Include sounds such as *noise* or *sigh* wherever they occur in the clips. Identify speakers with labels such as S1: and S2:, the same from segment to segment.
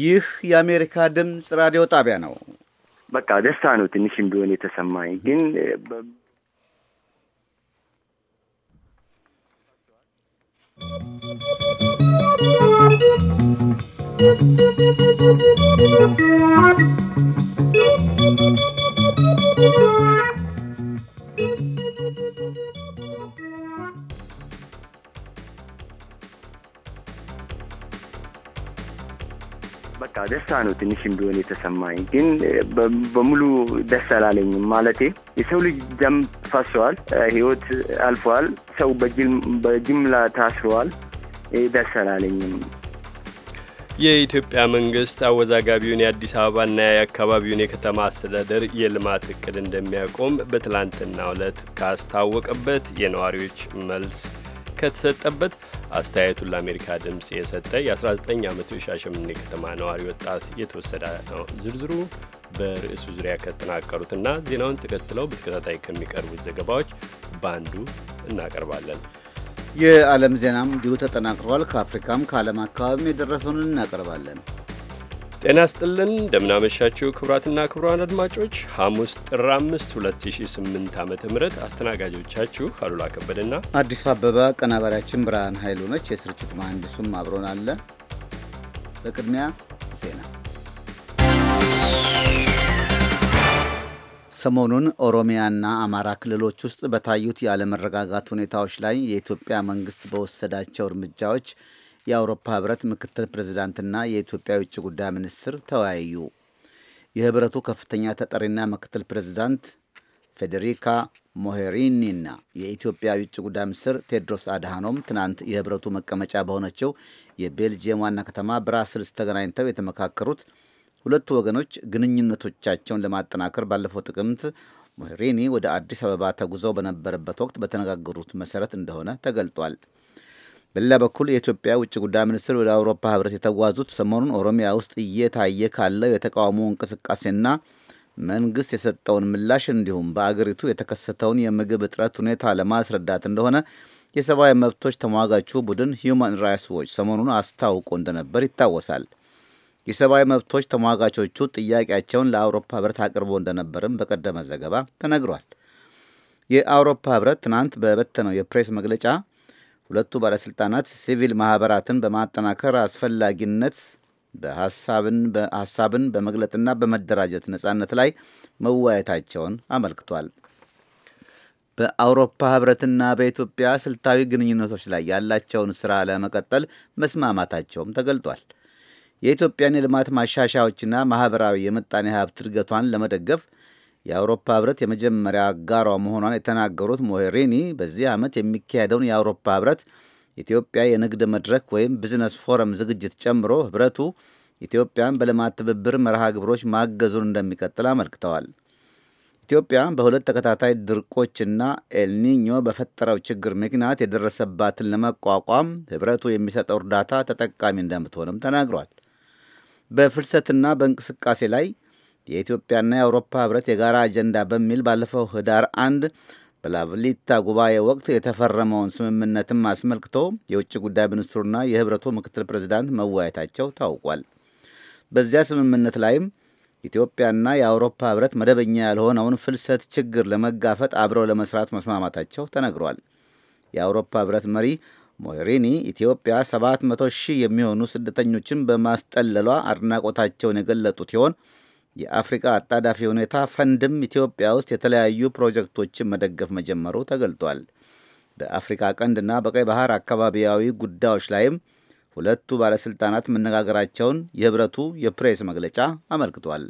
S1: ይህ የአሜሪካ ድምፅ ራዲዮ ጣቢያ ነው።
S2: በቃ ደስታ ነው ትንሽም ቢሆን የተሰማኝ ግን ¶¶ በቃ ደስታ ነው ትንሽም ቢሆን የተሰማኝ። ግን በሙሉ ደስ አላለኝም። ማለቴ የሰው ልጅ ደም ፈሰዋል፣ ህይወት አልፏል፣ ሰው በጅምላ ታስረዋል። ደስ አላለኝም።
S3: የኢትዮጵያ መንግስት አወዛጋቢውን የአዲስ አበባና የአካባቢውን የከተማ አስተዳደር የልማት እቅድ እንደሚያቆም በትላንትና ዕለት ካስታወቀበት የነዋሪዎች መልስ ከተሰጠበት አስተያየቱን ለአሜሪካ ድምፅ የሰጠ የ19 ዓመቱ የሻሸምኔ ከተማ ነዋሪ ወጣት የተወሰደ ነው። ዝርዝሩ በርዕሱ ዙሪያ ከተናቀሩትና ዜናውን ተከትለው በተከታታይ ከሚቀርቡት ዘገባዎች በአንዱ እናቀርባለን።
S1: የዓለም ዜናም እንዲሁ ተጠናቅሯል። ከአፍሪካም ከዓለም አካባቢም የደረሰውን እናቀርባለን።
S3: ጤና ስጥልን እንደምናመሻችው ክቡራትና ክቡራን አድማጮች ሐሙስ ጥር 5 2008 ዓ ም አስተናጋጆቻችሁ አሉላ ከበደና
S1: አዲሱ አበባ ቀናባሪያችን ብርሃን ኃይሉ ነች። የስርጭት መሐንዲሱም አብሮን አለ። በቅድሚያ ዜና። ሰሞኑን ኦሮሚያና አማራ ክልሎች ውስጥ በታዩት የአለመረጋጋት ሁኔታዎች ላይ የኢትዮጵያ መንግስት በወሰዳቸው እርምጃዎች የአውሮፓ ህብረት ምክትል ፕሬዚዳንትና የኢትዮጵያ የውጭ ጉዳይ ሚኒስትር ተወያዩ። የህብረቱ ከፍተኛ ተጠሪና ምክትል ፕሬዚዳንት ፌዴሪካ ሞሄሪኒና የኢትዮጵያ የውጭ ጉዳይ ሚኒስትር ቴድሮስ አድሃኖም ትናንት የህብረቱ መቀመጫ በሆነችው የቤልጅየም ዋና ከተማ ብራስልስ ተገናኝተው የተመካከሩት ሁለቱ ወገኖች ግንኙነቶቻቸውን ለማጠናከር ባለፈው ጥቅምት ሞሄሪኒ ወደ አዲስ አበባ ተጉዘው በነበረበት ወቅት በተነጋገሩት መሰረት እንደሆነ ተገልጧል። በሌላ በኩል የኢትዮጵያ ውጭ ጉዳይ ሚኒስትር ወደ አውሮፓ ህብረት የተጓዙት ሰሞኑን ኦሮሚያ ውስጥ እየታየ ካለው የተቃውሞ እንቅስቃሴና መንግስት የሰጠውን ምላሽ እንዲሁም በአገሪቱ የተከሰተውን የምግብ እጥረት ሁኔታ ለማስረዳት እንደሆነ የሰብአዊ መብቶች ተሟጋቹ ቡድን ሂዩማን ራይትስ ዎች ሰሞኑን አስታውቆ እንደነበር ይታወሳል። የሰብአዊ መብቶች ተሟጋቾቹ ጥያቄያቸውን ለአውሮፓ ህብረት አቅርቦ እንደነበርም በቀደመ ዘገባ ተነግሯል። የአውሮፓ ህብረት ትናንት በበተነው የፕሬስ መግለጫ ሁለቱ ባለሥልጣናት ሲቪል ማኅበራትን በማጠናከር አስፈላጊነት በሐሳብን በመግለጥና በመደራጀት ነጻነት ላይ መወያየታቸውን አመልክቷል። በአውሮፓ ህብረትና በኢትዮጵያ ስልታዊ ግንኙነቶች ላይ ያላቸውን ሥራ ለመቀጠል መስማማታቸውም ተገልጧል። የኢትዮጵያን የልማት ማሻሻያዎችና ማኅበራዊ የምጣኔ ሀብት እድገቷን ለመደገፍ የአውሮፓ ህብረት የመጀመሪያ አጋሯ መሆኗን የተናገሩት ሞሄሪኒ በዚህ ዓመት የሚካሄደውን የአውሮፓ ህብረት ኢትዮጵያ የንግድ መድረክ ወይም ቢዝነስ ፎረም ዝግጅት ጨምሮ ህብረቱ ኢትዮጵያን በልማት ትብብር መርሃ ግብሮች ማገዙን እንደሚቀጥል አመልክተዋል። ኢትዮጵያ በሁለት ተከታታይ ድርቆችና ኤልኒኞ በፈጠረው ችግር ምክንያት የደረሰባትን ለመቋቋም ህብረቱ የሚሰጠው እርዳታ ተጠቃሚ እንደምትሆንም ተናግሯል። በፍልሰትና በእንቅስቃሴ ላይ የኢትዮጵያና የአውሮፓ ህብረት የጋራ አጀንዳ በሚል ባለፈው ህዳር አንድ በላቭሊታ ጉባኤ ወቅት የተፈረመውን ስምምነትም አስመልክቶ የውጭ ጉዳይ ሚኒስትሩና የህብረቱ ምክትል ፕሬዚዳንት መወያየታቸው ታውቋል። በዚያ ስምምነት ላይም ኢትዮጵያና የአውሮፓ ህብረት መደበኛ ያልሆነውን ፍልሰት ችግር ለመጋፈጥ አብረው ለመስራት መስማማታቸው ተነግሯል። የአውሮፓ ህብረት መሪ ሞሪኒ ኢትዮጵያ 700 ሺህ የሚሆኑ ስደተኞችን በማስጠለሏ አድናቆታቸውን የገለጡ ሲሆን የአፍሪቃ አጣዳፊ ሁኔታ ፈንድም ኢትዮጵያ ውስጥ የተለያዩ ፕሮጀክቶችን መደገፍ መጀመሩ ተገልጧል። በአፍሪካ ቀንድና በቀይ ባህር አካባቢያዊ ጉዳዮች ላይም ሁለቱ ባለሥልጣናት መነጋገራቸውን የህብረቱ የፕሬስ መግለጫ አመልክቷል።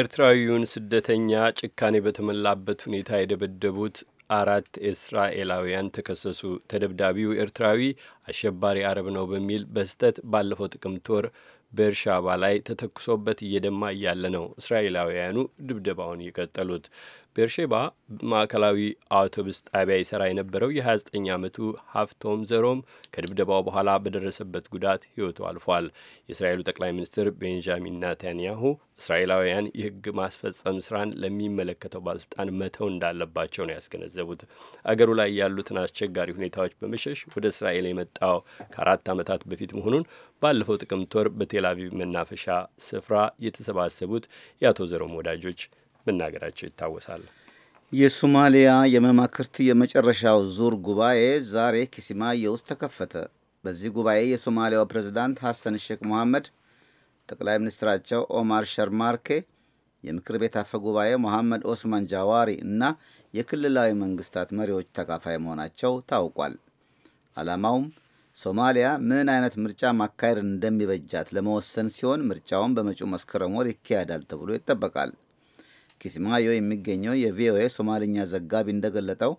S3: ኤርትራዊውን ስደተኛ ጭካኔ በተሞላበት ሁኔታ የደበደቡት አራት እስራኤላውያን ተከሰሱ። ተደብዳቢው ኤርትራዊ አሸባሪ አረብ ነው በሚል በስህተት ባለፈው ጥቅምት ወር በእርሻባ ላይ ተተኩሶበት እየደማ እያለ ነው እስራኤላውያኑ ድብደባውን የቀጠሉት። ቤርሼባ ማዕከላዊ አውቶቡስ ጣቢያ ይሰራ የነበረው የ29 ዓመቱ ሀፍቶም ዘሮም ከድብደባው በኋላ በደረሰበት ጉዳት ሕይወቱ አልፏል። የእስራኤሉ ጠቅላይ ሚኒስትር ቤንጃሚን ናታንያሁ እስራኤላውያን የሕግ ማስፈጸም ስራን ለሚመለከተው ባለስልጣን መተው እንዳለባቸው ነው ያስገነዘቡት። አገሩ ላይ ያሉትን አስቸጋሪ ሁኔታዎች በመሸሽ ወደ እስራኤል የመጣው ከአራት ዓመታት በፊት መሆኑን ባለፈው ጥቅምት ወር በቴል አቪቭ መናፈሻ ስፍራ የተሰባሰቡት የአቶ ዘሮም ወዳጆች መናገራቸው ይታወሳል።
S1: የሶማሊያ የመማክርት የመጨረሻው ዙር ጉባኤ ዛሬ ኪሲማዮ ውስጥ ተከፈተ። በዚህ ጉባኤ የሶማሊያው ፕሬዝዳንት ሐሰን ሼክ መሐመድ ጠቅላይ ሚኒስትራቸው ኦማር ሸርማርኬ፣ የምክር ቤት አፈ ጉባኤ መሐመድ ኦስማን ጃዋሪ እና የክልላዊ መንግስታት መሪዎች ተካፋይ መሆናቸው ታውቋል። ዓላማውም ሶማሊያ ምን አይነት ምርጫ ማካሄድ እንደሚበጃት ለመወሰን ሲሆን ምርጫውን በመጪው መስከረም ወር ይካሄዳል ተብሎ ይጠበቃል። ኪስማዮ የሚገኘው የቪኦኤ ሶማልኛ ዘጋቢ እንደገለጠው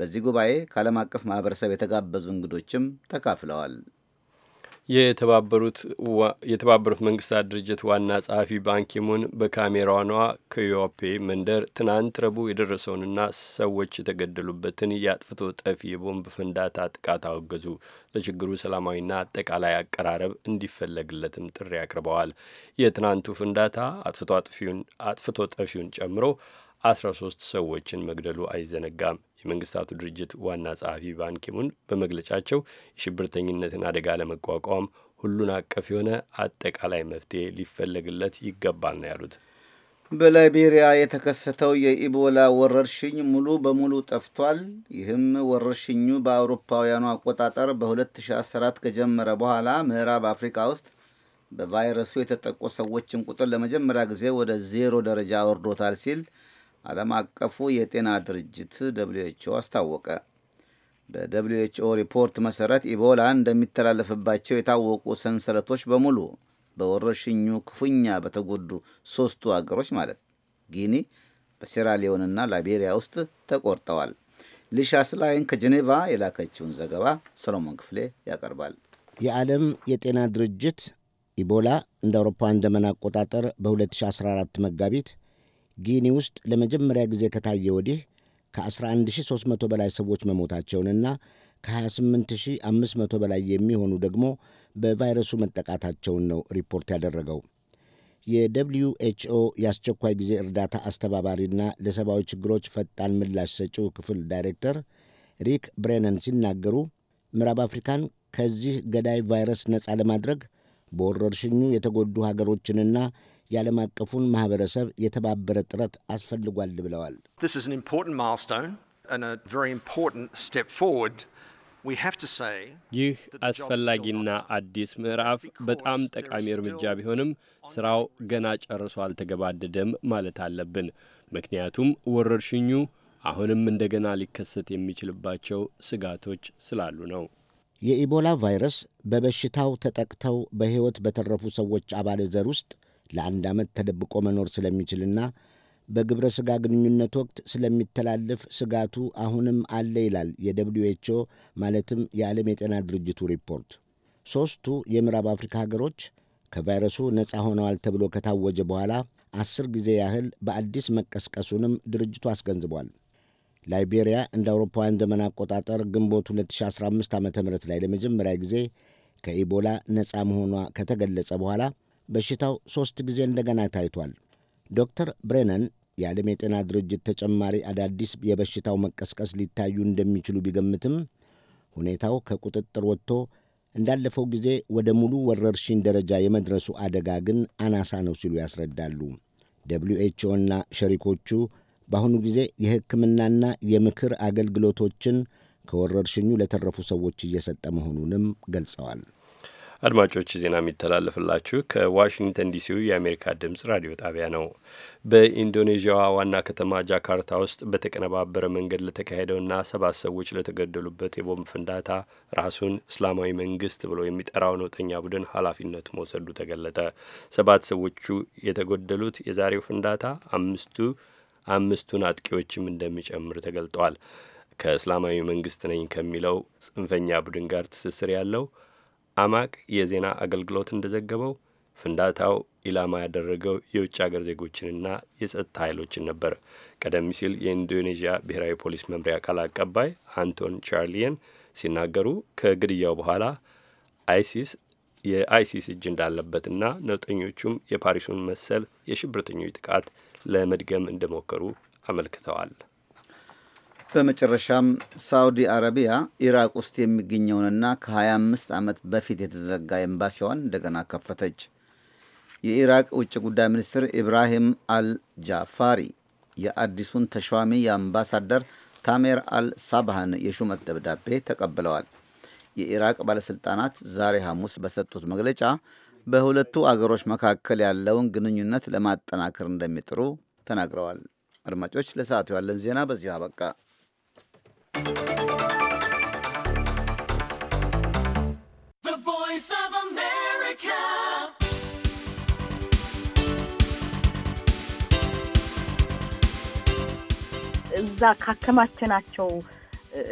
S1: በዚህ ጉባኤ ከዓለም አቀፍ ማህበረሰብ የተጋበዙ እንግዶችም ተካፍለዋል።
S3: የተባበሩት መንግስታት ድርጅት ዋና ጸሐፊ ባንኪሙን በካሜራኗ ከዮፔ መንደር ትናንት ረቡዕ የደረሰውንና ሰዎች የተገደሉበትን የአጥፍቶ ጠፊ የቦምብ ፍንዳታ ጥቃት አወገዙ። ለችግሩ ሰላማዊና አጠቃላይ አቀራረብ እንዲፈለግለትም ጥሪ አቅርበዋል። የትናንቱ ፍንዳታ አጥፍቶ ጠፊውን ጨምሮ አስራ ሶስት ሰዎችን መግደሉ አይዘነጋም። የመንግስታቱ ድርጅት ዋና ጸሐፊ ባንኪሙን በመግለጫቸው የሽብርተኝነትን አደጋ ለመቋቋም ሁሉን አቀፍ የሆነ አጠቃላይ መፍትሄ ሊፈለግለት ይገባል ነው ያሉት።
S1: በላይቤሪያ የተከሰተው የኢቦላ ወረርሽኝ ሙሉ በሙሉ ጠፍቷል። ይህም ወረርሽኙ በአውሮፓውያኑ አቆጣጠር በ2014 ከጀመረ በኋላ ምዕራብ አፍሪካ ውስጥ በቫይረሱ የተጠቁ ሰዎችን ቁጥር ለመጀመሪያ ጊዜ ወደ ዜሮ ደረጃ ወርዶታል ሲል ዓለም አቀፉ የጤና ድርጅት ደብሊው ኤች ኦ አስታወቀ። በደብሊው ኤች ኦ ሪፖርት መሰረት ኢቦላ እንደሚተላለፍባቸው የታወቁ ሰንሰለቶች በሙሉ በወረርሽኙ ክፉኛ በተጎዱ ሶስቱ አገሮች ማለት ጊኒ፣ በሴራሊዮንና ላይቤሪያ ውስጥ ተቆርጠዋል። ሊሻ ስላይን ከጄኔቫ የላከችውን ዘገባ ሰሎሞን ክፍሌ ያቀርባል።
S4: የዓለም የጤና ድርጅት ኢቦላ እንደ አውሮፓውያን ዘመን አቆጣጠር በ2014 መጋቢት ጊኒ ውስጥ ለመጀመሪያ ጊዜ ከታየ ወዲህ ከ11300 በላይ ሰዎች መሞታቸውንና ከ28500 በላይ የሚሆኑ ደግሞ በቫይረሱ መጠቃታቸውን ነው ሪፖርት ያደረገው። የደብሊዩ ኤችኦ የአስቸኳይ ጊዜ እርዳታ አስተባባሪና ለሰብአዊ ችግሮች ፈጣን ምላሽ ሰጪው ክፍል ዳይሬክተር ሪክ ብሬነን ሲናገሩ ምዕራብ አፍሪካን ከዚህ ገዳይ ቫይረስ ነፃ ለማድረግ በወረርሽኙ የተጎዱ ሀገሮችንና የዓለም አቀፉን ማህበረሰብ የተባበረ ጥረት አስፈልጓል ብለዋል።
S3: ይህ አስፈላጊና አዲስ ምዕራፍ በጣም ጠቃሚ እርምጃ ቢሆንም ስራው ገና ጨርሶ አልተገባደደም ማለት አለብን። ምክንያቱም ወረርሽኙ አሁንም እንደገና ሊከሰት የሚችልባቸው ስጋቶች ስላሉ
S4: ነው። የኢቦላ ቫይረስ በበሽታው ተጠቅተው በሕይወት በተረፉ ሰዎች አባለ ዘር ውስጥ ለአንድ ዓመት ተደብቆ መኖር ስለሚችልና በግብረ ሥጋ ግንኙነት ወቅት ስለሚተላለፍ ስጋቱ አሁንም አለ ይላል የደብሊው ኤችኦ ማለትም የዓለም የጤና ድርጅቱ ሪፖርት። ሦስቱ የምዕራብ አፍሪካ ሀገሮች ከቫይረሱ ነፃ ሆነዋል ተብሎ ከታወጀ በኋላ አስር ጊዜ ያህል በአዲስ መቀስቀሱንም ድርጅቱ አስገንዝቧል። ላይቤሪያ እንደ አውሮፓውያን ዘመን አቆጣጠር ግንቦት 2015 ዓ ም ላይ ለመጀመሪያ ጊዜ ከኢቦላ ነፃ መሆኗ ከተገለጸ በኋላ በሽታው ሦስት ጊዜ እንደገና ታይቷል። ዶክተር ብሬነን የዓለም የጤና ድርጅት ተጨማሪ አዳዲስ የበሽታው መቀስቀስ ሊታዩ እንደሚችሉ ቢገምትም ሁኔታው ከቁጥጥር ወጥቶ እንዳለፈው ጊዜ ወደ ሙሉ ወረርሽኝ ደረጃ የመድረሱ አደጋ ግን አናሳ ነው ሲሉ ያስረዳሉ። ደብሊው ኤች ኦ እና ሸሪኮቹ በአሁኑ ጊዜ የሕክምናና የምክር አገልግሎቶችን ከወረርሽኙ ለተረፉ ሰዎች እየሰጠ መሆኑንም ገልጸዋል።
S3: አድማጮች ዜና የሚተላለፍላችሁ ከዋሽንግተን ዲሲው የአሜሪካ ድምፅ ራዲዮ ጣቢያ ነው። በኢንዶኔዥያዋ ዋና ከተማ ጃካርታ ውስጥ በተቀነባበረ መንገድ ለተካሄደውና ሰባት ሰዎች ለተገደሉበት የቦምብ ፍንዳታ ራሱን እስላማዊ መንግስት ብሎ የሚጠራው ነውጠኛ ቡድን ኃላፊነት መውሰዱ ተገለጠ። ሰባት ሰዎቹ የተጎደሉት የዛሬው ፍንዳታ አምስቱ አምስቱን አጥቂዎችም እንደሚጨምር ተገልጧል። ከእስላማዊ መንግስት ነኝ ከሚለው ጽንፈኛ ቡድን ጋር ትስስር ያለው አማቅ የዜና አገልግሎት እንደዘገበው ፍንዳታው ኢላማ ያደረገው የውጭ አገር ዜጎችንና የጸጥታ ኃይሎችን ነበር። ቀደም ሲል የኢንዶኔዥያ ብሔራዊ ፖሊስ መምሪያ ቃል አቀባይ አንቶን ቻርሊየን ሲናገሩ ከግድያው በኋላ አይሲስ የአይሲስ እጅ እንዳለበትና ነውጠኞቹም የፓሪሱን መሰል የሽብርተኞች ጥቃት ለመድገም እንደሞከሩ
S1: አመልክተዋል። በመጨረሻም ሳውዲ አረቢያ ኢራቅ ውስጥ የሚገኘውንና ከ25 ዓመት በፊት የተዘጋ ኤምባሲዋን እንደገና ከፈተች። የኢራቅ ውጭ ጉዳይ ሚኒስትር ኢብራሂም አልጃፋሪ የአዲሱን ተሿሚ የአምባሳደር ታሜር አል ሳብሃን የሹመት ደብዳቤ ተቀብለዋል። የኢራቅ ባለሥልጣናት ዛሬ ሐሙስ በሰጡት መግለጫ በሁለቱ አገሮች መካከል ያለውን ግንኙነት ለማጠናከር እንደሚጥሩ ተናግረዋል። አድማጮች፣ ለሰዓቱ ያለን ዜና በዚሁ አበቃ።
S5: እዛ ካከማቸናቸው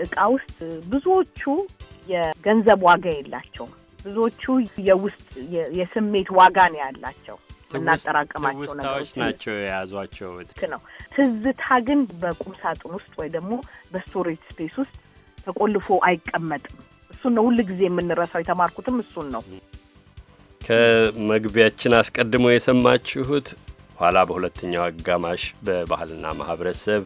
S5: እቃ ውስጥ ብዙዎቹ የገንዘብ ዋጋ የላቸውም። ብዙዎቹ የውስጥ የስሜት ዋጋ ነው ያላቸው። እናጠራቀማቸው ናቸው
S3: የያዟቸው
S5: ነው። ትዝታ ግን በቁም ሳጥን ውስጥ ወይ ደግሞ በስቶሬጅ ስፔስ ውስጥ ተቆልፎ አይቀመጥም። እሱን ነው ሁል ጊዜ የምንረሳው። የተማርኩትም እሱን ነው።
S3: ከመግቢያችን አስቀድሞ የሰማችሁት ኋላ በሁለተኛው አጋማሽ በባህልና ማህበረሰብ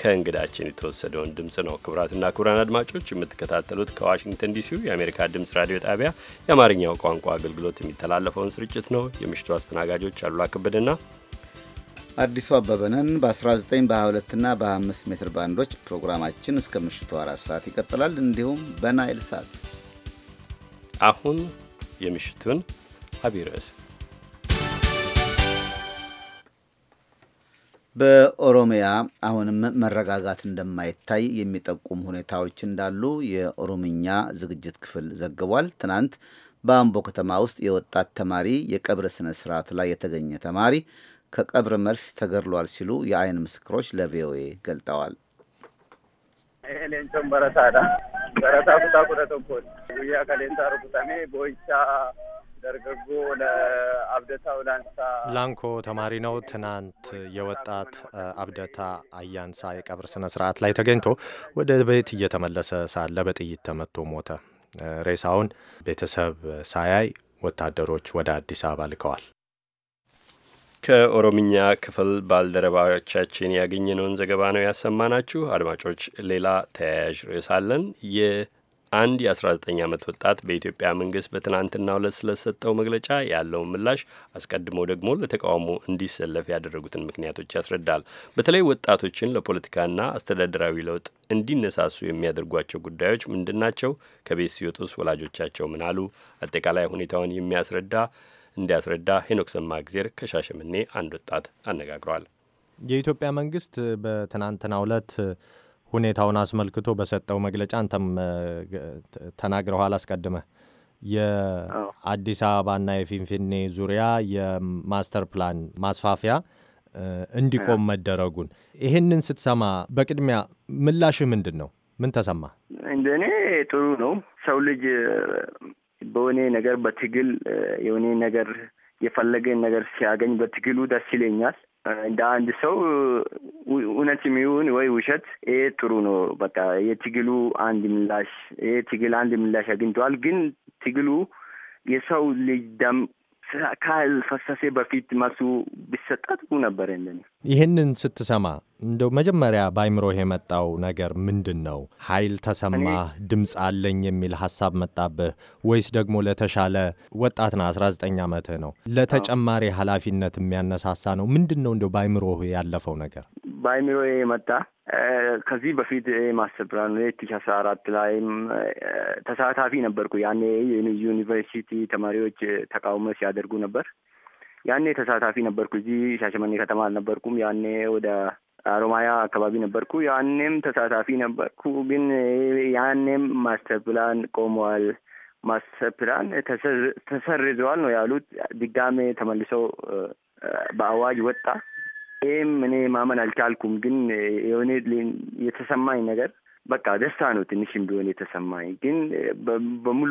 S3: ከእንግዳችን የተወሰደውን ድምፅ ነው። ክቡራትና ክቡራን አድማጮች የምትከታተሉት ከዋሽንግተን ዲሲው የአሜሪካ ድምፅ ራዲዮ ጣቢያ የአማርኛው ቋንቋ አገልግሎት የሚተላለፈውን ስርጭት ነው።
S1: የምሽቱ አስተናጋጆች አሉላ ከበደና አዲሱ አበበነን በ19 በ22ና በ25 ሜትር ባንዶች ፕሮግራማችን እስከ ምሽቱ አራት ሰዓት ይቀጥላል። እንዲሁም በናይል ሳት አሁን የምሽቱን አብይ ርዕስ በኦሮሚያ አሁንም መረጋጋት እንደማይታይ የሚጠቁም ሁኔታዎች እንዳሉ የኦሮምኛ ዝግጅት ክፍል ዘግቧል። ትናንት በአምቦ ከተማ ውስጥ የወጣት ተማሪ የቀብር ስነ ስርዓት ላይ የተገኘ ተማሪ ከቀብር መልስ ተገድሏል ሲሉ የአይን ምስክሮች ለቪኦኤ ገልጠዋል።
S2: ee leencoon barataadha. Barataa kutaa kudha tokkooti. Guyyaa kaleensaa rukutamee boo'ichaa dargaggoo አብደታ
S6: ወላንሳ ላንኮ ተማሪ ነው። ትናንት የወጣት አብደታ አያንሳ የቀብር ስነ ስርዓት ላይ ተገኝቶ ወደ ቤት እየተመለሰ ሳለ በጥይት ተመቶ ሞተ። ሬሳውን ቤተሰብ ሳያይ ወታደሮች ወደ አዲስ አበባ ልከዋል።
S3: ከኦሮምኛ ክፍል ባልደረባዎቻችን ያገኘነውን ዘገባ ነው ያሰማናችሁ። አድማጮች፣ ሌላ ተያያዥ ርዕስ አለን። የአንድ የ19 ዓመት ወጣት በኢትዮጵያ መንግስት በትናንትናው ዕለት ስለሰጠው መግለጫ ያለውን ምላሽ፣ አስቀድሞ ደግሞ ለተቃውሞ እንዲሰለፍ ያደረጉትን ምክንያቶች ያስረዳል። በተለይ ወጣቶችን ለፖለቲካና አስተዳደራዊ ለውጥ እንዲነሳሱ የሚያደርጓቸው ጉዳዮች ምንድን ናቸው? ከቤት ሲወጡስ ወላጆቻቸው ምን አሉ? አጠቃላይ ሁኔታውን የሚያስረዳ እንዲያስረዳ ሄኖክ ሰማእግዜር ከሻሸምኔ አንድ ወጣት አነጋግሯል።
S6: የኢትዮጵያ መንግስት በትናንትናው ዕለት ሁኔታውን አስመልክቶ በሰጠው መግለጫ አንተም ተናግረኋል አስቀድመ የአዲስ አበባና የፊንፊኔ ዙሪያ የማስተር ፕላን ማስፋፊያ እንዲቆም መደረጉን ይህንን ስትሰማ በቅድሚያ ምላሽህ ምንድን ነው? ምን ተሰማ?
S2: እንደ እኔ ጥሩ ነው። ሰው ልጅ በሆነ ነገር በትግል የሆነ ነገር የፈለገን ነገር ሲያገኝ በትግሉ ደስ ይለኛል። እንደ አንድ ሰው እውነት የሚሆን ወይ ውሸት ይሄ ጥሩ ነው። በቃ የትግሉ አንድ ምላሽ ይሄ ትግል አንድ ምላሽ አግኝተዋል። ግን ትግሉ የሰው ልጅ ደም ካልፈሰሴ በፊት መልሱ ቢሰጣት ነበር ነበር።
S6: ይህንን ስትሰማ እንደው መጀመሪያ ባይምሮህ የመጣው ነገር ምንድን ነው? ኃይል ተሰማ፣ ድምፅ አለኝ የሚል ሀሳብ መጣብህ? ወይስ ደግሞ ለተሻለ ወጣት ነህ፣ 19 ዓመትህ ነው፣ ለተጨማሪ ኃላፊነት የሚያነሳሳ ነው? ምንድን ነው እንደው ባይምሮህ ያለፈው ነገር?
S2: በአይምሮ የመጣ ከዚህ በፊት ማስተር ፕላን ሁለት ሺህ አስራ አራት ላይም ተሳታፊ ነበርኩ። ያኔ ዩኒቨርሲቲ ተማሪዎች ተቃውሞ ሲያደርጉ ነበር ያኔ ተሳታፊ ነበርኩ። እዚህ ሻሸመኔ ከተማ አልነበርኩም። ያኔ ወደ አሮማያ አካባቢ ነበርኩ። ያኔም ተሳታፊ ነበርኩ። ግን ያኔም ማስተር ፕላን ቆመዋል፣ ማስተር ፕላን ተሰርዘዋል ነው ያሉት። ድጋሜ ተመልሶ በአዋጅ ወጣ። ይህም እኔ ማመን አልቻልኩም። ግን የሆነ የተሰማኝ ነገር በቃ ደስታ ነው ትንሽ እንደሆነ የተሰማኝ፣ ግን በሙሉ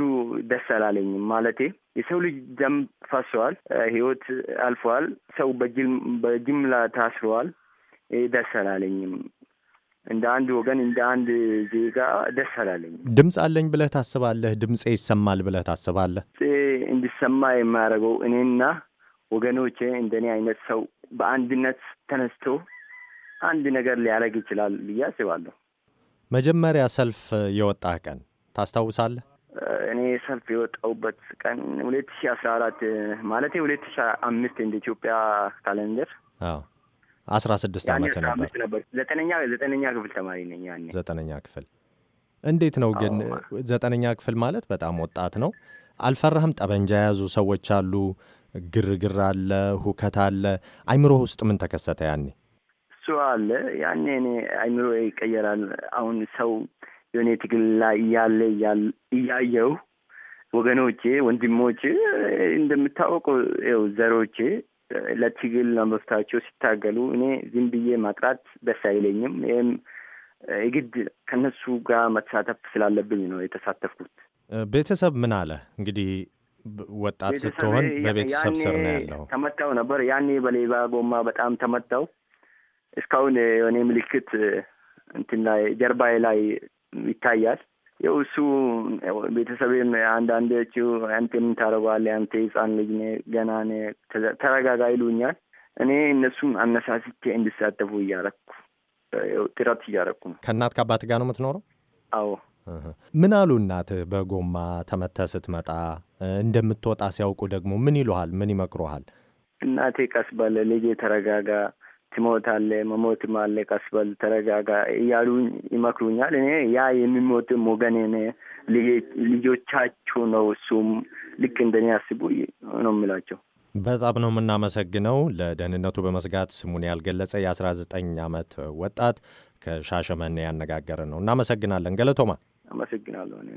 S2: ደስ አላለኝም። ማለቴ የሰው ልጅ ደም ፈሰዋል፣ ህይወት አልፈዋል፣ ሰው በጅምላ ታስረዋል። ደስ አላለኝም። እንደ አንድ ወገን እንደ አንድ ዜጋ ደስ አላለኝ።
S6: ድምፅ አለኝ ብለህ ታስባለህ? ድምፄ ይሰማል ብለህ ታስባለህ?
S2: እንዲሰማ የማያደርገው እኔና ወገኖቼ እንደኔ አይነት ሰው በአንድነት ተነስቶ አንድ ነገር ሊያደርግ ይችላል ብዬ አስባለሁ።
S6: መጀመሪያ ሰልፍ የወጣህ ቀን ታስታውሳለህ?
S2: እኔ ሰልፍ የወጣሁበት ቀን ሁለት ሺ አስራ አራት ማለት ሁለት ሺ አምስት እንደ ኢትዮጵያ ካለንደር
S6: አስራ ስድስት ዓመት
S2: ነበር። ዘጠነኛ
S6: ዘጠነኛ ክፍል ተማሪ ነኝ ያኔ ዘጠነኛ ክፍል። እንዴት ነው ግን ዘጠነኛ ክፍል ማለት በጣም ወጣት ነው። አልፈራህም? ጠበንጃ የያዙ ሰዎች አሉ፣ ግርግር አለ፣ ሁከት አለ። አይምሮህ ውስጥ ምን ተከሰተ ያኔ?
S2: እሱ አለ። ያኔ እኔ አይምሮ ይቀየራል። አሁን ሰው የሆነ ትግል ላይ እያለ እያየው ወገኖቼ፣ ወንድሞቼ እንደምታወቀው ው ዘሮቼ ለትግል ለመብታቸው ሲታገሉ እኔ ዝም ብዬ ማጥራት ደስ አይለኝም። ይህም የግድ ከነሱ ጋር መተሳተፍ ስላለብኝ ነው የተሳተፍኩት።
S6: ቤተሰብ ምን አለ እንግዲህ ወጣት ስትሆን በቤተሰብ ስር ነው ያለው።
S2: ተመታው ነበር ያኔ በሌባ ጎማ በጣም ተመታው። እስካሁን የሆነ ምልክት እንትን ላይ ጀርባዬ ላይ ይታያል። ያው እሱ ቤተሰብም አንዳንዶቹ አንተ ምን ታደርገዋለህ አንተ ህፃን ልጅ ነህ ገና ነህ ተረጋጋ ይሉኛል። እኔ እነሱም አነሳስቼ እንዲሳተፉ እያረኩ
S6: ጥረት እያረኩ ነው። ከእናት ከአባት ጋር ነው የምትኖረው? አዎ። ምን አሉ እናትህ በጎማ ተመተህ ስትመጣ? እንደምትወጣ ሲያውቁ ደግሞ ምን ይሉሃል? ምን ይመክሩሃል?
S2: እናቴ ቀስ በለ ልጄ ተረጋጋ አለ መሞትም አለ፣ ቀስበል ተረጋጋ እያሉ ይመክሩኛል። እኔ ያ የሚሞትም ወገኔ ነው፣ ልጆቻችሁ ነው፣ እሱም ልክ እንደኔ ያስቡ ነው የሚላቸው
S6: በጣም ነው የምናመሰግነው። ለደህንነቱ በመስጋት ስሙን ያልገለጸ የ19 ዓመት ወጣት ከሻሸመኔ ያነጋገረ ነው። እናመሰግናለን ገለቶማ።
S2: አመሰግናለሁ እኔ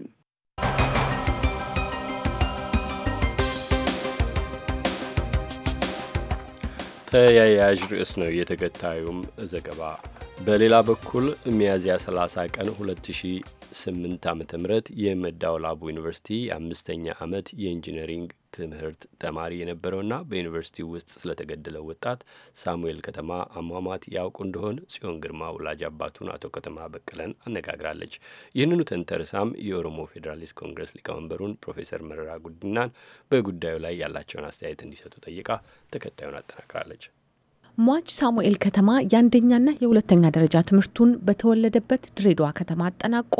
S3: ተያያዥ ርዕስ ነው የተከታዩም ዘገባ። በሌላ በኩል ሚያዝያ 30 ቀን 2008 ዓ ም የመዳውላቡ ዩኒቨርሲቲ የአምስተኛ ዓመት የኢንጂነሪንግ ትምህርት ተማሪ የነበረውና በዩኒቨርሲቲ ውስጥ ስለተገደለው ወጣት ሳሙኤል ከተማ አሟሟት ያውቁ እንደሆን ጽዮን ግርማ ወላጅ አባቱን አቶ ከተማ በቀለን አነጋግራለች። ይህንኑ ተንተርሳም የኦሮሞ ፌዴራሊስት ኮንግረስ ሊቀመንበሩን ፕሮፌሰር መረራ ጉዲናን በጉዳዩ ላይ ያላቸውን አስተያየት እንዲሰጡ ጠይቃ ተከታዩን አጠናቅራለች።
S7: ሟች ሳሙኤል ከተማ የአንደኛና የሁለተኛ ደረጃ ትምህርቱን በተወለደበት ድሬዳዋ ከተማ አጠናቆ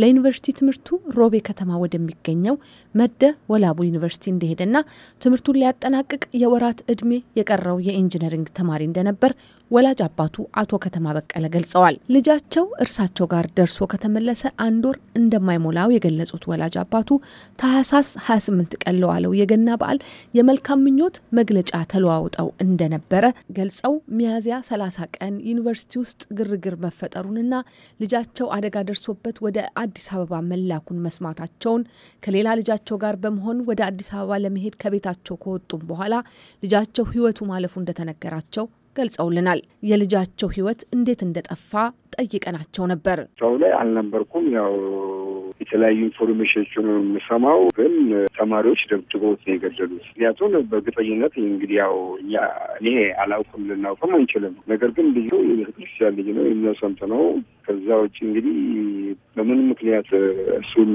S7: ለዩኒቨርሲቲ ትምህርቱ ሮቤ ከተማ ወደሚገኘው መደ ወላቡ ዩኒቨርሲቲ እንደሄደና ትምህርቱን ሊያጠናቅቅ የወራት ዕድሜ የቀረው የኢንጂነሪንግ ተማሪ እንደነበር ወላጅ አባቱ አቶ ከተማ በቀለ ገልጸዋል። ልጃቸው እርሳቸው ጋር ደርሶ ከተመለሰ አንድ ወር እንደማይሞላው የገለጹት ወላጅ አባቱ ታህሳስ 28 ቀን ለዋለው የገና በዓል የመልካም ምኞት መግለጫ ተለዋውጠው እንደነበረ ገል ገልጸው ሚያዝያ 30 ቀን ዩኒቨርሲቲ ውስጥ ግርግር መፈጠሩንና ልጃቸው አደጋ ደርሶበት ወደ አዲስ አበባ መላኩን መስማታቸውን ከሌላ ልጃቸው ጋር በመሆን ወደ አዲስ አበባ ለመሄድ ከቤታቸው ከወጡም በኋላ ልጃቸው ሕይወቱ ማለፉ እንደተነገራቸው ገልጸውልናል። የልጃቸው ሕይወት እንዴት እንደጠፋ ጠይቀናቸው ነበር።
S8: ሰው ላይ አልነበርኩም ያው የተለያዩ ኢንፎርሜሽኖች የምሰማው። ግን ተማሪዎች ደብድበውት ነው የገደሉት። ምክንያቱም በእርግጠኝነት እንግዲህ ያው እኔ አላውቅም ልናውቅም አንችልም። ነገር ግን ልዩ የቤተክርስቲያን ልጅ ነው የሚያሰምት ነው። ከዛ ውጭ እንግዲህ በምን ምክንያት እሱን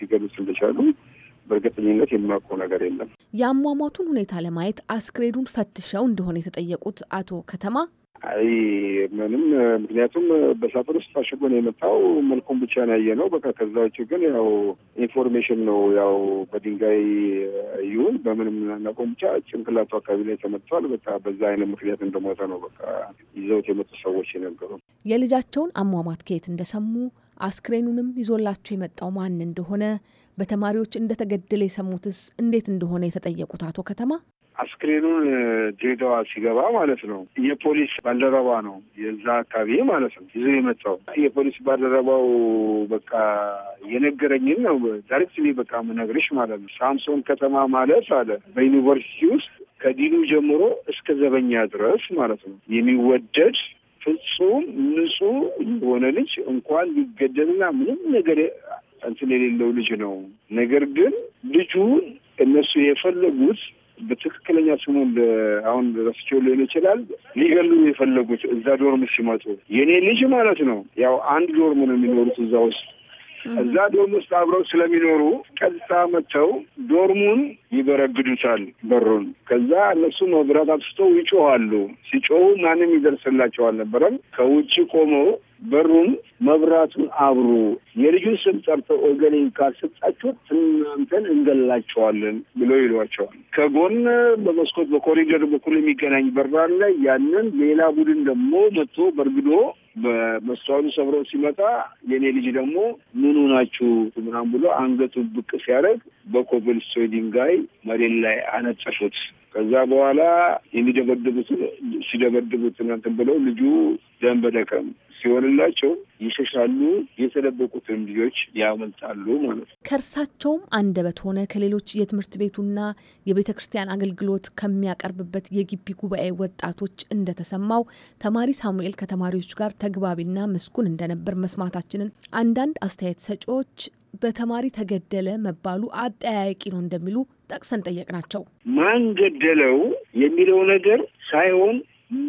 S8: ሊገሉት እንደቻሉ በእርግጠኝነት የማውቀው ነገር የለም።
S7: የአሟሟቱን ሁኔታ ለማየት አስክሬዱን ፈትሸው እንደሆነ የተጠየቁት አቶ ከተማ
S8: አይ ምንም ምክንያቱም በሳጥን ውስጥ ታሽጎ ነው የመጣው። መልኩም ብቻ ነው ያየ ነው። በቃ ከዛ ውጭ ግን ያው ኢንፎርሜሽን ነው ያው በድንጋይ ይሁን በምንም ናቆም ብቻ ጭንቅላቱ አካባቢ ላይ ተመጥቷል። በቃ በዛ አይነት ምክንያት እንደሞተ ነው በቃ ይዘውት የመጡ ሰዎች የነገሩ።
S7: የልጃቸውን አሟሟት ከየት እንደሰሙ አስክሬኑንም ይዞላቸው የመጣው ማን እንደሆነ በተማሪዎች እንደተገደለ የሰሙትስ እንዴት እንደሆነ የተጠየቁት አቶ ከተማ
S8: አስክሬኑን ድሬዳዋ ሲገባ ማለት ነው የፖሊስ ባልደረባ ነው የዛ አካባቢ ማለት ነው ይዞ የመጣው የፖሊስ ባልደረባው በቃ የነገረኝን ነው ዳይሬክትሊ በቃ ምነግርሽ ማለት ነው ሳምሶን ከተማ ማለት አለ በዩኒቨርሲቲ ውስጥ ከዲኑ ጀምሮ እስከ ዘበኛ ድረስ ማለት ነው የሚወደድ ፍጹም ንጹህ የሆነ ልጅ እንኳን ሊገደልና ምንም ነገር እንትን የሌለው ልጅ ነው። ነገር ግን ልጁ እነሱ የፈለጉት በትክክለኛ ስሙን አሁን ረስቼው ሊሆን ይችላል። ሊገሉ የፈለጉት እዛ ዶርም ሲመጡ የኔ ልጅ ማለት ነው። ያው አንድ ዶርም ነው የሚኖሩት እዛ ውስጥ እዛ ዶርም ውስጥ አብረው ስለሚኖሩ ቀጥታ መጥተው ዶርሙን ይበረግዱታል በሩን። ከዛ እነሱ መብራት አብስተው ይጮኋሉ። ሲጮሁ ማንም ይደርስላቸው አልነበረም። ከውጭ ቆመው በሩን መብራቱን አብሩ፣ የልጁን ስም ጠርተው ወገኔ ካልሰጣችሁት እናንተን እንገላቸዋለን ብሎ ይሏቸዋል። ከጎን በመስኮት በኮሪደር በኩል የሚገናኝ በር አለ። ያንን ሌላ ቡድን ደግሞ መጥቶ በርግዶ በመስተዋሉ ሰብሮ ሲመጣ የእኔ ልጅ ደግሞ ምኑ ናችሁ ምናም ብሎ አንገቱ ብቅ ሲያደርግ በኮብልስቶ ድንጋይ መሬት ላይ አነጠፉት። ከዛ በኋላ የሚደበድቡት ሲደበድቡት እንትን ብለው ልጁ ደም በደም ሲሆንላቸው ይሸሻሉ፣ የተደበቁትን ልጆች ያመልጣሉ ማለት ነው።
S7: ከእርሳቸውም አንደበት ሆነ ከሌሎች የትምህርት ቤቱና የቤተ ክርስቲያን አገልግሎት ከሚያቀርብበት የግቢ ጉባኤ ወጣቶች እንደተሰማው ተማሪ ሳሙኤል ከተማሪዎች ጋር ተግባቢና ምስጉን እንደነበር መስማታችንን አንዳንድ አስተያየት ሰጪዎች በተማሪ ተገደለ መባሉ አጠያያቂ ነው እንደሚሉ ጠቅሰን ጠየቅናቸው።
S8: ማን ገደለው የሚለው ነገር ሳይሆን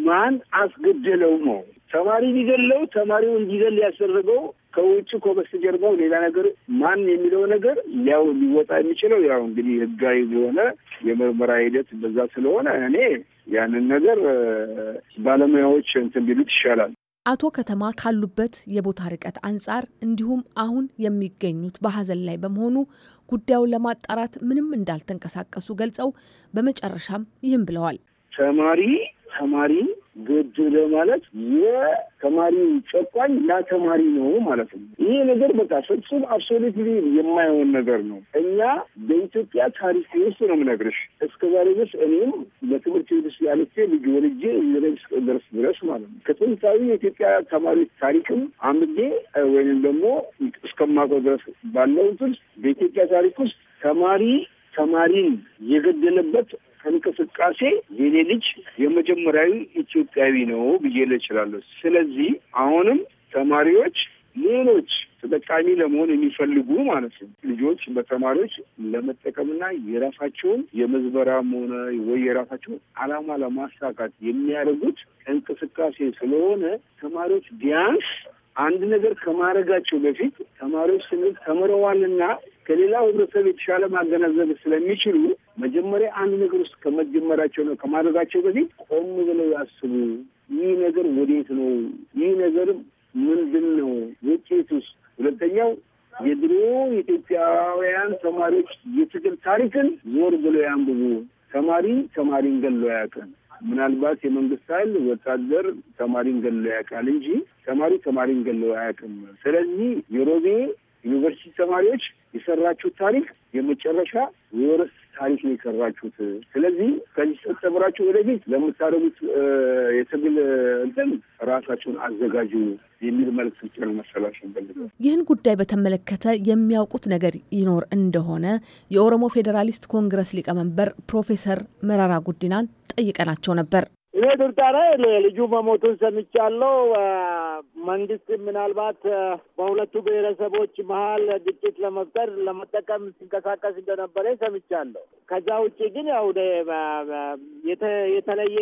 S8: ማን አስገደለው ነው። ተማሪ ቢገለው ተማሪው እንዲገል ያስደረገው ከውጭ ከበስተጀርባው ሌላ ነገር ማን የሚለው ነገር ያው ሊወጣ የሚችለው ያው እንግዲህ ህጋዊ የሆነ የምርመራ ሂደት በዛ ስለሆነ እኔ ያንን ነገር ባለሙያዎች እንትን ቢሉት ይሻላል።
S7: አቶ ከተማ ካሉበት የቦታ ርቀት አንጻር እንዲሁም አሁን የሚገኙት በሀዘን ላይ በመሆኑ ጉዳዩን ለማጣራት ምንም እንዳልተንቀሳቀሱ ገልጸው በመጨረሻም ይህም ብለዋል።
S8: ተማሪ ተማሪ ገጀ ለማለት የተማሪው ጨቋኝ ያ ተማሪ ነው ማለት ነው። ይሄ ነገር በቃ ፍጹም አብሶሉትሊ የማይሆን ነገር ነው። እኛ በኢትዮጵያ ታሪክ ውስጥ ነው የምነግርሽ እስከ ዛሬ ድረስ እኔም ለትምህርት ቤት ያለቼ ልጅ ወልጄ ዩኒቨርስ ደርስ ድረስ ማለት ነው ከጥንታዊ የኢትዮጵያ ተማሪዎች ታሪክም አምዴ ወይም ደግሞ እስከማውቀው ድረስ ባለው እንትን በኢትዮጵያ ታሪክ ውስጥ ተማሪ ተማሪን የገደለበት እንቅስቃሴ የኔ ልጅ የመጀመሪያዊ ኢትዮጵያዊ ነው ብዬ እችላለሁ። ስለዚህ አሁንም ተማሪዎች ሌሎች ተጠቃሚ ለመሆን የሚፈልጉ ማለት ነው ልጆች በተማሪዎች ለመጠቀምና የራሳቸውን የመዝበራም ሆነ ወይ የራሳቸውን ዓላማ ለማሳካት የሚያደርጉት እንቅስቃሴ ስለሆነ ተማሪዎች ቢያንስ አንድ ነገር ከማድረጋቸው በፊት ተማሪዎች ስንል ተምረዋልና ከሌላ ህብረተሰብ የተሻለ ማገናዘብ ስለሚችሉ መጀመሪያ አንድ ነገር ውስጥ ከመጀመራቸው ነው ከማድረጋቸው በፊት ቆም ብለው ያስቡ። ይህ ነገር ወዴት ነው? ይህ ነገር ምንድን ነው? ውጤት ውስጥ ሁለተኛው የድሮ ኢትዮጵያውያን ተማሪዎች የትግል ታሪክን ዞር ብለው ያንብቡ። ተማሪ ተማሪን ገሎ ያውቅም። ምናልባት የመንግስት ኃይል ወታደር ተማሪን ገሎ ያውቃል እንጂ ተማሪ ተማሪን ገሎ አያውቅም። ስለዚህ የሮቤ ዩኒቨርሲቲ ተማሪዎች የሰራችሁት ታሪክ የመጨረሻ የወረስ ታሪክ ነው የሰራችሁት። ስለዚህ ከዚህ ተሰብራችሁ ወደፊት ለምታደርጉት የትግል እንትን ራሳችሁን አዘጋጁ የሚል መልክ ስጭር መሰላሽ ንፈልገ
S7: ይህን ጉዳይ በተመለከተ የሚያውቁት ነገር ይኖር እንደሆነ የኦሮሞ ፌዴራሊስት ኮንግረስ ሊቀመንበር ፕሮፌሰር መራራ ጉዲናን ጠይቀናቸው ነበር።
S9: እኔ ድርጣና ልጁ መሞቱን ሰምቻለሁ። መንግስት ምናልባት በሁለቱ ብሔረሰቦች መሀል ግጭት ለመፍጠር ለመጠቀም ሲንቀሳቀስ እንደነበረ ሰምቻለሁ። ከዛ ውጭ ግን ያው የተለየ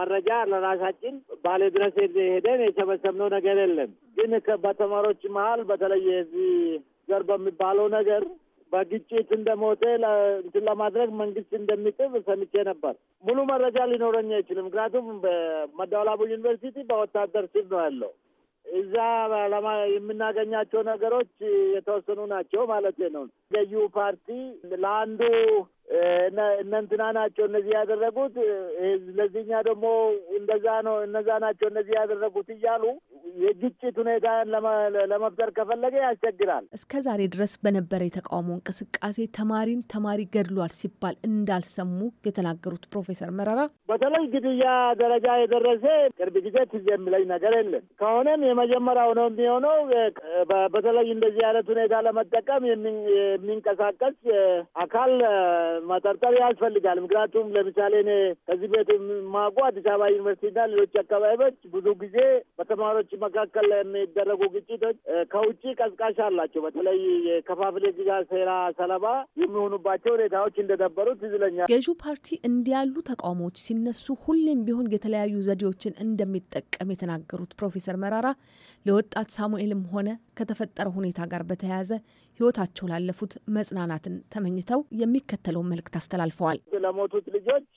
S9: መረጃ ለራሳችን ባለ ድረስ ሄደን የሰበሰብነው ነገር የለም። ግን በተማሪዎች መሀል በተለየ እዚህ ዘር በሚባለው ነገር በግጭት እንደሞተ እንትን ለማድረግ መንግስት እንደሚጥብ ሰምቼ ነበር። ሙሉ መረጃ ሊኖረኝ አይችልም። ምክንያቱም በመደወላቡ ዩኒቨርሲቲ በወታደር ስር ነው ያለው። እዛ የምናገኛቸው ነገሮች የተወሰኑ ናቸው ማለት ነው። ገዢው ፓርቲ ለአንዱ እነ እንትና ናቸው እነዚህ ያደረጉት፣ ለዚህኛ ደግሞ እንደዛ ነው እነዛ ናቸው እነዚህ ያደረጉት እያሉ የግጭት ሁኔታን ለመፍጠር ከፈለገ ያስቸግራል።
S7: እስከ ዛሬ ድረስ በነበረ የተቃውሞ እንቅስቃሴ ተማሪን ተማሪ ገድሏል ሲባል እንዳልሰሙ የተናገሩት ፕሮፌሰር መረራ
S9: በተለይ ግድያ ደረጃ የደረሰ ቅርብ ጊዜ ትዝ የሚለኝ ነገር የለም። ከሆነም የመጀመሪያው ነው የሚሆነው። በተለይ እንደዚህ አይነት ሁኔታ ለመጠቀም የሚንቀሳቀስ አካል መጠርጠር ያስፈልጋል። ምክንያቱም ለምሳሌ እኔ ከዚህ ቤት የማውቁ አዲስ አበባ ዩኒቨርሲቲና ሌሎች አካባቢዎች ብዙ ጊዜ በተማሪዎች መካከል የሚደረጉ ግጭቶች ከውጭ ቀዝቃሽ አላቸው። በተለይ የከፋፍሌ ጊዜ ሴራ ሰለባ የሚሆኑባቸው ሁኔታዎች እንደነበሩ ትዝ ይለኛል። ገዢው
S7: ፓርቲ እንዲያሉ ተቃውሞዎች ሲነሱ ሁሌም ቢሆን የተለያዩ ዘዴዎችን እንደሚጠቀም የተናገሩት ፕሮፌሰር መራራ ለወጣት ሳሙኤልም ሆነ ከተፈጠረ ሁኔታ ጋር በተያያዘ ህይወታቸው ላለፉት መጽናናትን ተመኝተው የሚከተለውን መልእክት አስተላልፈዋል።
S9: ለሞቱት ልጆች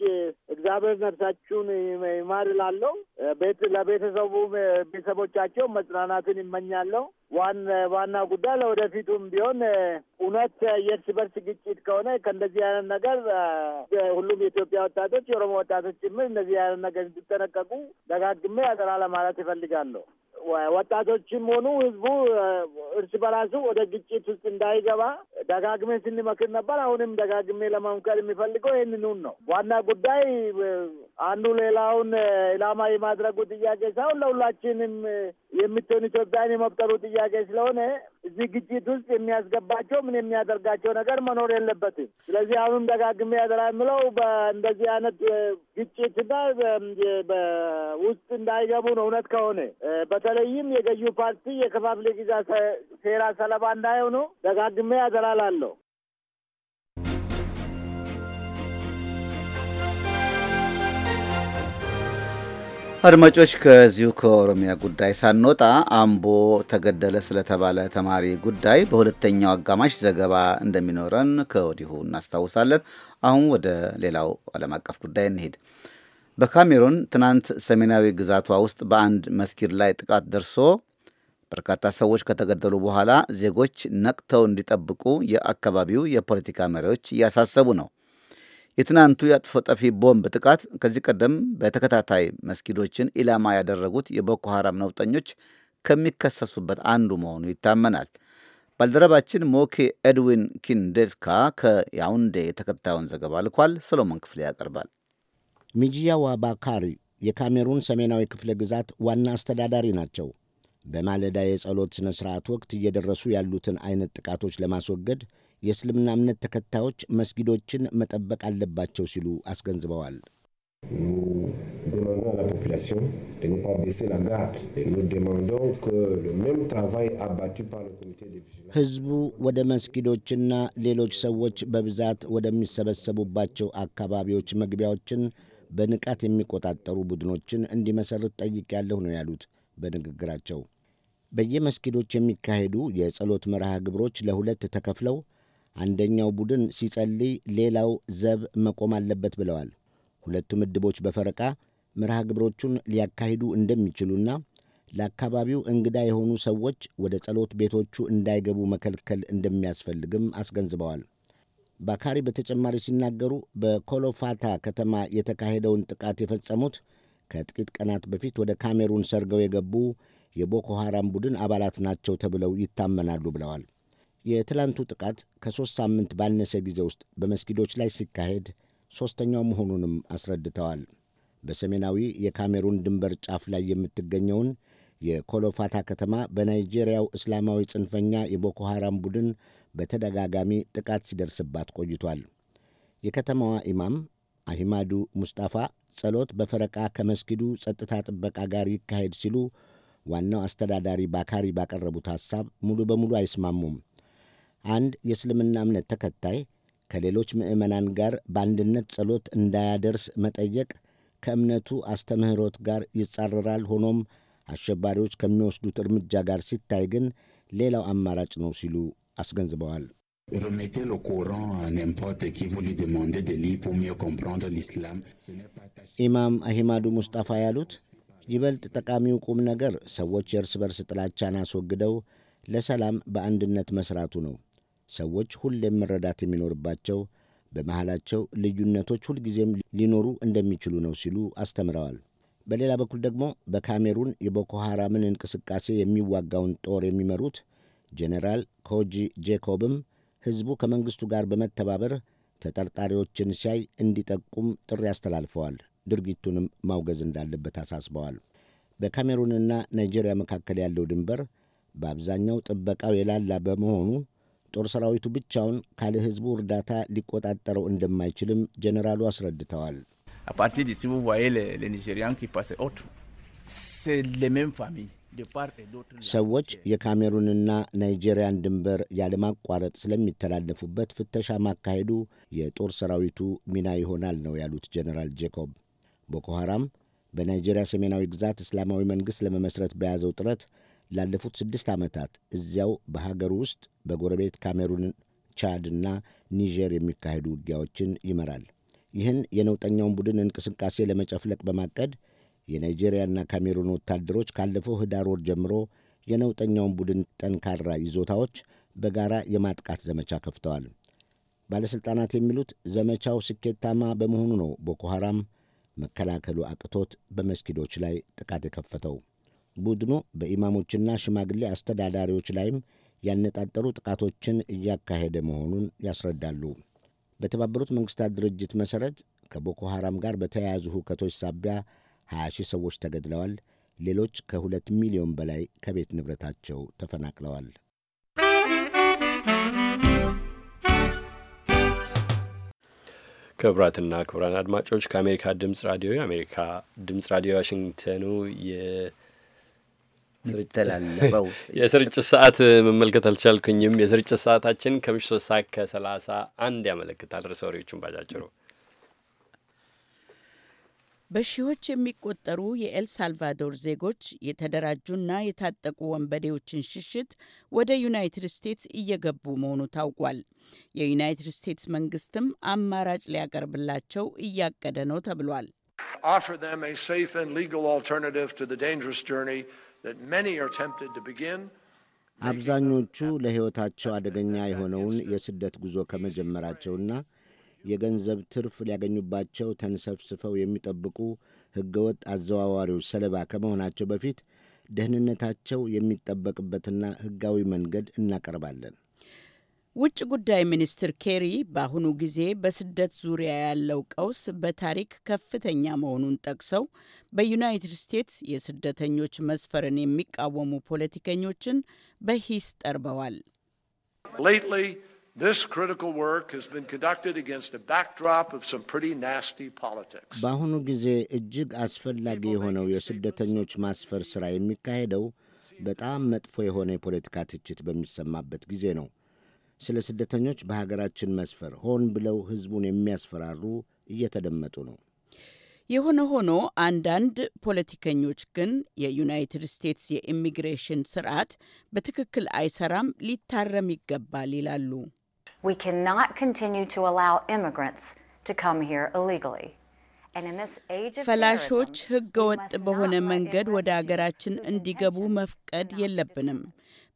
S9: እግዚአብሔር ነፍሳችሁን ይማር እላለሁ። ለቤተሰቡ ቤተሰቦቻቸው መጽናናትን ይመኛለሁ። ዋና ጉዳይ ለወደፊቱም ቢሆን እውነት የእርስ በርስ ግጭት ከሆነ ከእንደዚህ አይነት ነገር ሁሉም የኢትዮጵያ ወጣቶች የኦሮሞ ወጣቶች ጭምር እንደዚህ አይነት ነገር እንዲጠነቀቁ ደጋግሜ ያጠራ ለማለት ይፈልጋለሁ። ወጣቶችም ሆኑ ህዝቡ እርስ በራሱ ወደ ግጭት ውስጥ እንዳይገባ ደጋግሜ ስንመክር ነበር። አሁንም ደጋግሜ ለመምከር የሚፈልገው ይህንኑን ነው። ዋና ጉዳይ አንዱ ሌላውን ኢላማ የማድረጉ ጥያቄ ሳይሆን ለሁላችንም የምትሆን ኢትዮጵያን የመፍጠሩ ጥያቄ ስለሆነ እዚህ ግጭት ውስጥ የሚያስገባቸው ምን የሚያደርጋቸው ነገር መኖር የለበትም። ስለዚህ አሁንም ደጋግሜ ያደራ የምለው እንደዚህ አይነት ግጭትና ውስጥ እንዳይገቡ ነው። እውነት ከሆነ በተለይም የገዢው ፓርቲ የከፋፍለ ጊዜ ሴራ ሰለባ እንዳይሆኑ ደጋግሜ ያደራላለሁ።
S1: አድማጮች ከዚሁ ከኦሮሚያ ጉዳይ ሳንወጣ አምቦ ተገደለ ስለተባለ ተማሪ ጉዳይ በሁለተኛው አጋማሽ ዘገባ እንደሚኖረን ከወዲሁ እናስታውሳለን። አሁን ወደ ሌላው ዓለም አቀፍ ጉዳይ እንሄድ። በካሜሩን ትናንት ሰሜናዊ ግዛቷ ውስጥ በአንድ መስጊድ ላይ ጥቃት ደርሶ በርካታ ሰዎች ከተገደሉ በኋላ ዜጎች ነቅተው እንዲጠብቁ የአካባቢው የፖለቲካ መሪዎች እያሳሰቡ ነው። የትናንቱ የአጥፎ ጠፊ ቦምብ ጥቃት ከዚህ ቀደም በተከታታይ መስጊዶችን ኢላማ ያደረጉት የቦኮ ሐራም ነውጠኞች ከሚከሰሱበት አንዱ መሆኑ ይታመናል። ባልደረባችን ሞኬ ኤድዊን ኪንዴስካ ከያውንዴ የተከታዩን ዘገባ ልኳል። ሰሎሞን ክፍሌ ያቀርባል።
S4: ሚጂያዋ ባካሪ የካሜሩን ሰሜናዊ ክፍለ ግዛት ዋና አስተዳዳሪ ናቸው። በማለዳ የጸሎት ሥነ ሥርዓት ወቅት እየደረሱ ያሉትን አይነት ጥቃቶች ለማስወገድ የእስልምና እምነት ተከታዮች መስጊዶችን መጠበቅ አለባቸው ሲሉ አስገንዝበዋል። ሕዝቡ ወደ መስጊዶችና ሌሎች ሰዎች በብዛት ወደሚሰበሰቡባቸው አካባቢዎች መግቢያዎችን በንቃት የሚቆጣጠሩ ቡድኖችን እንዲመሠርት ጠይቄያለሁ ነው ያሉት በንግግራቸው። በየመስጊዶች የሚካሄዱ የጸሎት መርሃ ግብሮች ለሁለት ተከፍለው አንደኛው ቡድን ሲጸልይ ሌላው ዘብ መቆም አለበት ብለዋል። ሁለቱ ምድቦች በፈረቃ መርሃ ግብሮቹን ሊያካሂዱ እንደሚችሉና ለአካባቢው እንግዳ የሆኑ ሰዎች ወደ ጸሎት ቤቶቹ እንዳይገቡ መከልከል እንደሚያስፈልግም አስገንዝበዋል። ባካሪ በተጨማሪ ሲናገሩ በኮሎፋታ ከተማ የተካሄደውን ጥቃት የፈጸሙት ከጥቂት ቀናት በፊት ወደ ካሜሩን ሰርገው የገቡ የቦኮ ሐራም ቡድን አባላት ናቸው ተብለው ይታመናሉ ብለዋል። የትላንቱ ጥቃት ከሦስት ሳምንት ባነሰ ጊዜ ውስጥ በመስጊዶች ላይ ሲካሄድ ሦስተኛው መሆኑንም አስረድተዋል። በሰሜናዊ የካሜሩን ድንበር ጫፍ ላይ የምትገኘውን የኮሎፋታ ከተማ በናይጄሪያው እስላማዊ ጽንፈኛ የቦኮ ሐራም ቡድን በተደጋጋሚ ጥቃት ሲደርስባት ቆይቷል። የከተማዋ ኢማም አሂማዱ ሙስጣፋ ጸሎት በፈረቃ ከመስጊዱ ጸጥታ ጥበቃ ጋር ይካሄድ ሲሉ ዋናው አስተዳዳሪ ባካሪ ባቀረቡት ሐሳብ ሙሉ በሙሉ አይስማሙም። አንድ የእስልምና እምነት ተከታይ ከሌሎች ምዕመናን ጋር በአንድነት ጸሎት እንዳያደርስ መጠየቅ ከእምነቱ አስተምህሮት ጋር ይጻረራል። ሆኖም አሸባሪዎች ከሚወስዱት እርምጃ ጋር ሲታይ ግን ሌላው አማራጭ ነው ሲሉ አስገንዝበዋል። ኢማም አሂማዱ ሙስጣፋ ያሉት ይበልጥ ጠቃሚው ቁም ነገር ሰዎች የእርስ በርስ ጥላቻን አስወግደው ለሰላም በአንድነት መሥራቱ ነው። ሰዎች ሁሌም መረዳት የሚኖርባቸው በመሃላቸው ልዩነቶች ሁልጊዜም ሊኖሩ እንደሚችሉ ነው ሲሉ አስተምረዋል። በሌላ በኩል ደግሞ በካሜሩን የቦኮ ሐራምን እንቅስቃሴ የሚዋጋውን ጦር የሚመሩት ጄኔራል ኮጂ ጄኮብም ሕዝቡ ከመንግሥቱ ጋር በመተባበር ተጠርጣሪዎችን ሲያይ እንዲጠቁም ጥሪ አስተላልፈዋል። ድርጊቱንም ማውገዝ እንዳለበት አሳስበዋል። በካሜሩንና ናይጄሪያ መካከል ያለው ድንበር በአብዛኛው ጥበቃው የላላ በመሆኑ ጦር ሰራዊቱ ብቻውን ካለ ህዝቡ እርዳታ ሊቆጣጠረው እንደማይችልም ጀኔራሉ አስረድተዋል። ሰዎች የካሜሩንና ናይጄሪያን ድንበር ያለማቋረጥ ስለሚተላለፉበት ፍተሻ ማካሄዱ የጦር ሰራዊቱ ሚና ይሆናል ነው ያሉት ጀኔራል ጄኮብ። ቦኮ ሐራም በናይጄሪያ ሰሜናዊ ግዛት እስላማዊ መንግሥት ለመመስረት በያዘው ጥረት ላለፉት ስድስት ዓመታት እዚያው በሀገር ውስጥ በጎረቤት ካሜሩን፣ ቻድና ኒጀር የሚካሄዱ ውጊያዎችን ይመራል። ይህን የነውጠኛውን ቡድን እንቅስቃሴ ለመጨፍለቅ በማቀድ የናይጄሪያና ካሜሩን ወታደሮች ካለፈው ህዳር ወር ጀምሮ የነውጠኛውን ቡድን ጠንካራ ይዞታዎች በጋራ የማጥቃት ዘመቻ ከፍተዋል። ባለሥልጣናት የሚሉት ዘመቻው ስኬታማ በመሆኑ ነው ቦኮ ሐራም መከላከሉ አቅቶት በመስጊዶች ላይ ጥቃት የከፈተው። ቡድኑ በኢማሞችና ሽማግሌ አስተዳዳሪዎች ላይም ያነጣጠሩ ጥቃቶችን እያካሄደ መሆኑን ያስረዳሉ። በተባበሩት መንግሥታት ድርጅት መሠረት ከቦኮ ሐራም ጋር በተያያዙ ሁከቶች ሳቢያ 20 ሺህ ሰዎች ተገድለዋል። ሌሎች ከሁለት ሚሊዮን በላይ ከቤት ንብረታቸው ተፈናቅለዋል።
S3: ክቡራትና ክቡራን አድማጮች ከአሜሪካ ድምፅ ራዲዮ የአሜሪካ ድምፅ ራዲዮ ዋሽንግተኑ የስርጭት ሰዓት መመልከት አልቻልኩኝም። የስርጭት ሰዓታችን ከምሽቱ ሶስት ሰዓት ከሰላሳ አንድ ያመለክታል። ርዕሰ ወሬዎቹን ባጫጭሩ
S10: በሺዎች የሚቆጠሩ የኤል ሳልቫዶር ዜጎች የተደራጁና የታጠቁ ወንበዴዎችን ሽሽት ወደ ዩናይትድ ስቴትስ እየገቡ መሆኑ ታውቋል። የዩናይትድ ስቴትስ መንግስትም አማራጭ ሊያቀርብላቸው እያቀደ ነው ተብሏል።
S4: አብዛኞቹ ለሕይወታቸው አደገኛ የሆነውን የስደት ጉዞ ከመጀመራቸውና የገንዘብ ትርፍ ሊያገኙባቸው ተንሰፍስፈው የሚጠብቁ ሕገወጥ አዘዋዋሪዎች ሰለባ ከመሆናቸው በፊት ደህንነታቸው የሚጠበቅበትና ሕጋዊ መንገድ እናቀርባለን።
S10: ውጭ ጉዳይ ሚኒስትር ኬሪ በአሁኑ ጊዜ በስደት ዙሪያ ያለው ቀውስ በታሪክ ከፍተኛ መሆኑን ጠቅሰው በዩናይትድ ስቴትስ የስደተኞች መስፈርን የሚቃወሙ ፖለቲከኞችን በሂስ ጠርበዋል። በአሁኑ ጊዜ
S4: እጅግ አስፈላጊ የሆነው የስደተኞች ማስፈር ሥራ የሚካሄደው በጣም መጥፎ የሆነ የፖለቲካ ትችት በሚሰማበት ጊዜ ነው። ስለ ስደተኞች በሀገራችን መስፈር ሆን ብለው ህዝቡን የሚያስፈራሩ እየተደመጡ ነው።
S10: የሆነ ሆኖ አንዳንድ ፖለቲከኞች ግን የዩናይትድ ስቴትስ የኢሚግሬሽን ስርዓት በትክክል አይሰራም፣ ሊታረም ይገባል ይላሉ። ፈላሾች ህገወጥ በሆነ መንገድ ወደ አገራችን እንዲገቡ መፍቀድ የለብንም።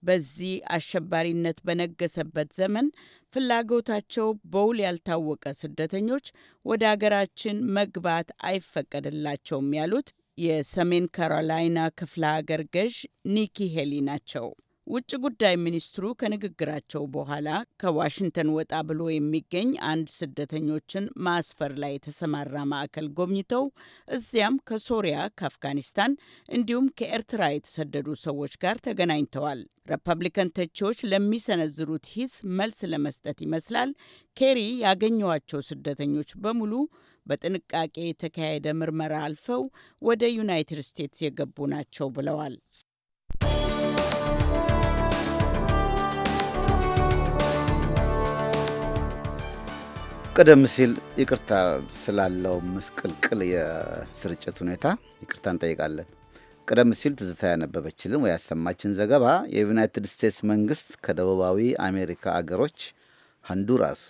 S10: በዚህ አሸባሪነት በነገሰበት ዘመን ፍላጎታቸው በውል ያልታወቀ ስደተኞች ወደ አገራችን መግባት አይፈቀድላቸውም ያሉት የሰሜን ካሮላይና ክፍለ አገር ገዥ ኒኪ ሄሊ ናቸው። ውጭ ጉዳይ ሚኒስትሩ ከንግግራቸው በኋላ ከዋሽንግተን ወጣ ብሎ የሚገኝ አንድ ስደተኞችን ማስፈር ላይ የተሰማራ ማዕከል ጎብኝተው እዚያም ከሶሪያ፣ ከአፍጋኒስታን እንዲሁም ከኤርትራ የተሰደዱ ሰዎች ጋር ተገናኝተዋል። ሪፐብሊካን ተቺዎች ለሚሰነዝሩት ሂስ መልስ ለመስጠት ይመስላል ኬሪ ያገኘዋቸው ስደተኞች በሙሉ በጥንቃቄ የተካሄደ ምርመራ አልፈው ወደ ዩናይትድ ስቴትስ የገቡ ናቸው ብለዋል።
S1: ቀደም ሲል ይቅርታ ስላለው ምስቅልቅል የስርጭት ሁኔታ ይቅርታ እንጠይቃለን። ቀደም ሲል ትዝታ ያነበበችልን ወይ ያሰማችን ዘገባ የዩናይትድ ስቴትስ መንግስት ከደቡባዊ አሜሪካ አገሮች ሆንዱራስ፣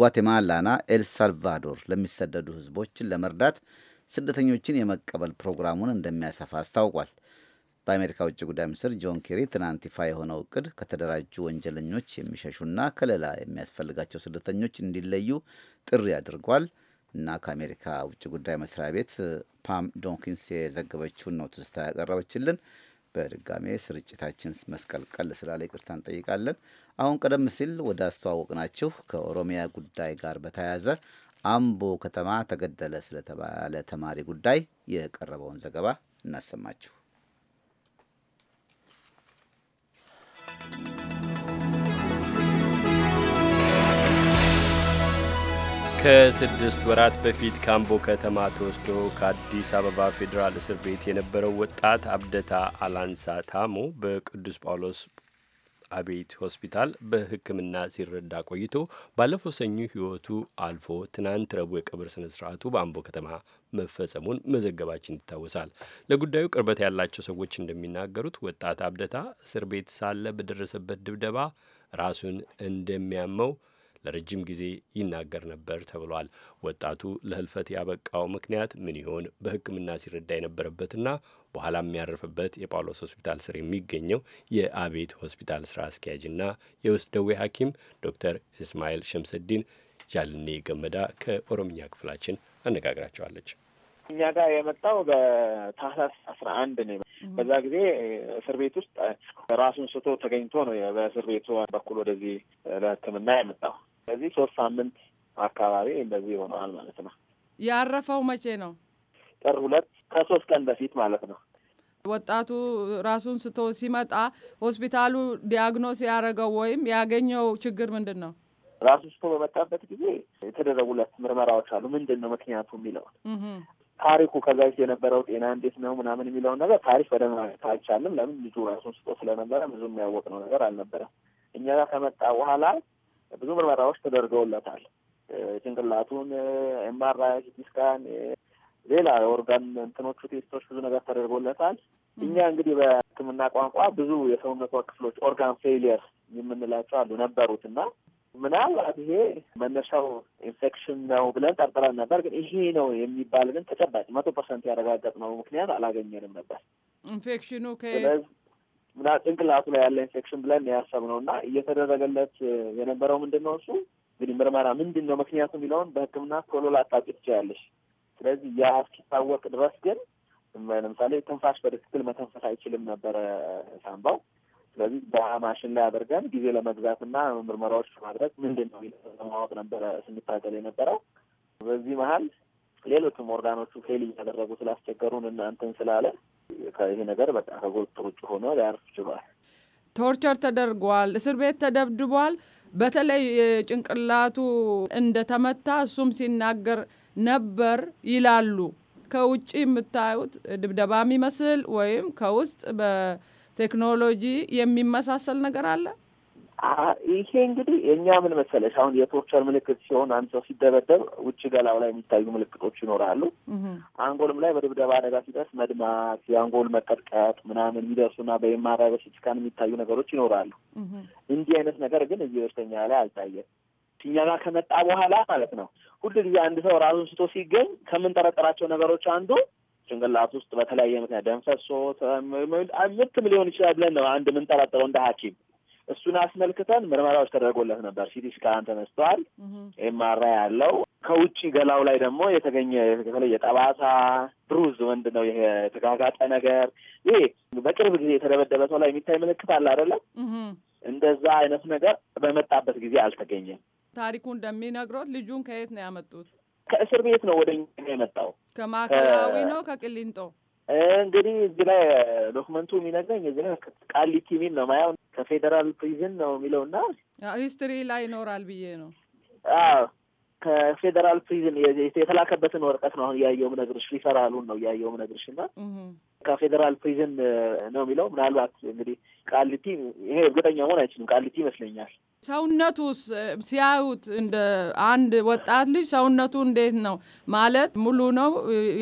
S1: ጓቴማላና ኤልሳልቫዶር ለሚሰደዱ ህዝቦችን ለመርዳት ስደተኞችን የመቀበል ፕሮግራሙን እንደሚያሰፋ አስታውቋል። በአሜሪካ ውጭ ጉዳይ ሚኒስትር ጆን ኬሪ ትናንት ይፋ የሆነው እቅድ ከተደራጁ ወንጀለኞች የሚሸሹና ከለላ የሚያስፈልጋቸው ስደተኞች እንዲለዩ ጥሪ አድርጓል። እና ከአሜሪካ ውጭ ጉዳይ መስሪያ ቤት ፓም ዶንኪንስ የዘገበችውን ነው ትዝታ ያቀረበችልን። በድጋሜ ስርጭታችን መስቀልቀል ስላለ ይቅርታ እንጠይቃለን። አሁን ቀደም ሲል ወደ አስተዋወቅ ናችሁ ከኦሮሚያ ጉዳይ ጋር በተያያዘ አምቦ ከተማ ተገደለ ስለተባለ ተማሪ ጉዳይ የቀረበውን ዘገባ እናሰማችሁ።
S3: ከስድስት ወራት በፊት ካምቦ ከተማ ተወስዶ ከአዲስ አበባ ፌዴራል እስር ቤት የነበረው ወጣት አብደታ አላንሳ ታሞ በቅዱስ ጳውሎስ አቤት ሆስፒታል በሕክምና ሲረዳ ቆይቶ ባለፈው ሰኞ ሕይወቱ አልፎ ትናንት ረቡዕ የቀብር ስነ ስርዓቱ በአምቦ ከተማ መፈጸሙን መዘገባችን ይታወሳል። ለጉዳዩ ቅርበት ያላቸው ሰዎች እንደሚናገሩት ወጣት አብደታ እስር ቤት ሳለ በደረሰበት ድብደባ ራሱን እንደሚያመው ለረጅም ጊዜ ይናገር ነበር ተብሏል። ወጣቱ ለህልፈት ያበቃው ምክንያት ምን ይሆን? በሕክምና ሲረዳ የነበረበትና በኋላ የሚያረፍበት የጳውሎስ ሆስፒታል ስር የሚገኘው የአቤት ሆስፒታል ስራ አስኪያጅና የውስጥ ደዌ ሐኪም ዶክተር እስማኤል ሸምሰዲን ጃልኔ ገመዳ ከኦሮምኛ ክፍላችን አነጋግራቸዋለች።
S5: እኛ
S2: ጋር የመጣው በታህሳስ አስራ አንድ ነው። በዛ ጊዜ እስር ቤት ውስጥ ራሱን ስቶ ተገኝቶ ነው በእስር ቤቱ በኩል ወደዚህ ለህክምና የመጣው። በዚህ ሶስት ሳምንት አካባቢ እንደዚህ ይሆነዋል ማለት ነው።
S11: ያረፈው መቼ ነው?
S2: ጥር ሁለት ከሶስት ቀን በፊት ማለት ነው።
S11: ወጣቱ ራሱን ስቶ ሲመጣ ሆስፒታሉ ዲያግኖስ ያደረገው ወይም ያገኘው ችግር ምንድን ነው?
S2: ራሱ ስቶ በመጣበት ጊዜ የተደረጉለት ምርመራዎች አሉ። ምንድን ነው ምክንያቱ
S11: የሚለውን
S2: ታሪኩ ከዛ ፊት የነበረው ጤና እንዴት ነው ምናምን የሚለውን ነገር ታሪክ በደንብ ማግኘት አልቻልም። ለምን ልጁ ራሱን ስቶ ስለነበረ ብዙ የሚያወቅ ነው ነገር አልነበረም። እኛ ጋር ከመጣ በኋላ ብዙ ምርመራዎች ተደርገውለታል። ጭንቅላቱን ኤምአርአይ፣ ሲቲ ስካን፣ ሌላ ኦርጋን እንትኖቹ ቴስቶች ብዙ ነገር ተደርጎለታል። እኛ እንግዲህ በሕክምና ቋንቋ ብዙ የሰውነቷ ክፍሎች ኦርጋን ፌሊየር የምንላቸው አሉ ነበሩት እና ምናልባት ይሄ መነሻው ኢንፌክሽን ነው ብለን ጠርጥረን ነበር። ግን ይሄ ነው የሚባል ግን ተጨባጭ መቶ ፐርሰንት ያረጋገጥነው ምክንያት አላገኘንም ነበር
S11: ኢንፌክሽኑ ምና
S2: ጭንቅላቱ ላይ ያለ ኢንፌክሽን ብለን ነው እና እየተደረገለት የነበረው ምንድን ነው እሱ እንግዲህ ምርመራ ምንድን ነው ምክንያቱ የሚለውን በህክምና ቶሎ ላታውቂ ትችያለሽ። ስለዚህ ያ እስኪታወቅ ድረስ ግን ለምሳሌ ትንፋሽ በትክክል መተንፈስ አይችልም ነበረ ሳምባው። ስለዚህ በማሽን ላይ አድርገን ጊዜ ለመግዛት እና ምርመራዎች ለማድረግ ምንድን ነው ለማወቅ ነበረ ስንታገል የነበረው። በዚህ መሀል ሌሎችም ኦርጋኖቹ ፌል እያደረጉ ስላስቸገሩን እናንትን ስላለ ይሄ ነገር በቃ ከቁጥጥር ውጭ ሆኖ ሊያርፍ ችሏል።
S11: ቶርቸር ተደርጓል። እስር ቤት ተደብድቧል። በተለይ ጭንቅላቱ እንደተመታ እሱም ሲናገር ነበር ይላሉ። ከውጭ የምታዩት ድብደባ የሚመስል ወይም ከውስጥ በቴክኖሎጂ የሚመሳሰል ነገር አለ።
S2: ይሄ እንግዲህ የእኛ ምን መሰለሽ አሁን የቶርቸር ምልክት ሲሆን አንድ ሰው ሲደበደብ ውጭ ገላው ላይ የሚታዩ ምልክቶች ይኖራሉ። አንጎልም ላይ በድብደባ አደጋ ሲደርስ መድማት፣ የአንጎል መቀጥቀጥ ምናምን የሚደርሱና በኤምአርአይ በሲቲስካን የሚታዩ ነገሮች ይኖራሉ። እንዲህ አይነት ነገር ግን እዚህ በሽተኛ ላይ አልታየም። እኛ ጋር ከመጣ በኋላ ማለት ነው። ሁሉ ጊዜ አንድ ሰው ራሱን ስቶ ሲገኝ ከምንጠረጠራቸው ነገሮች አንዱ ጭንቅላት ውስጥ በተለያየ ምክንያት ደም ፈሶት ምትም ሊሆን ይችላል ብለን ነው አንድ የምንጠረጥረው እንደ ሐኪም እሱን አስመልክተን ምርመራዎች ተደርጎለት ነበር። ሲቲ ስካን ተነስተዋል። ኤምአርአይ ያለው ከውጭ ገላው ላይ ደግሞ የተገኘ የተለየ ጠባሳ ብሩዝ ወንድ ነው የተጋጋጠ ነገር ይሄ በቅርብ ጊዜ የተደበደበ ሰው ላይ የሚታይ ምልክት አለ አይደለም? እንደዛ አይነት ነገር በመጣበት ጊዜ አልተገኘም።
S11: ታሪኩ እንደሚነግሮት ልጁን ከየት ነው ያመጡት?
S2: ከእስር ቤት ነው ወደ እኛ የመጣው።
S11: ከማዕከላዊ ነው ከቅሊንጦ
S2: እንግዲህ እዚህ ላይ ዶክመንቱ የሚነግረኝ እዚህ ላይ ቃሊቲ የሚል ነው ማየው ከፌዴራል ፕሪዝን ነው የሚለው እና
S11: ሂስትሪ ላይ ይኖራል ብዬ ነው።
S2: አዎ ከፌዴራል ፕሪዝን የተላከበትን ወረቀት ነው አሁን እያየሁ የምነግርሽ፣ ሪፈራሉን ነው እያየሁ ነግርሽ እና ከፌዴራል ፕሪዝን ነው የሚለው ምናልባት እንግዲህ ቃሊቲ ይሄ እርግጠኛ መሆን አይችልም። ቃሊቲ ይመስለኛል
S11: ሰውነቱስ ሲያዩት እንደ አንድ ወጣት ልጅ ሰውነቱ እንዴት ነው ማለት ሙሉ ነው፣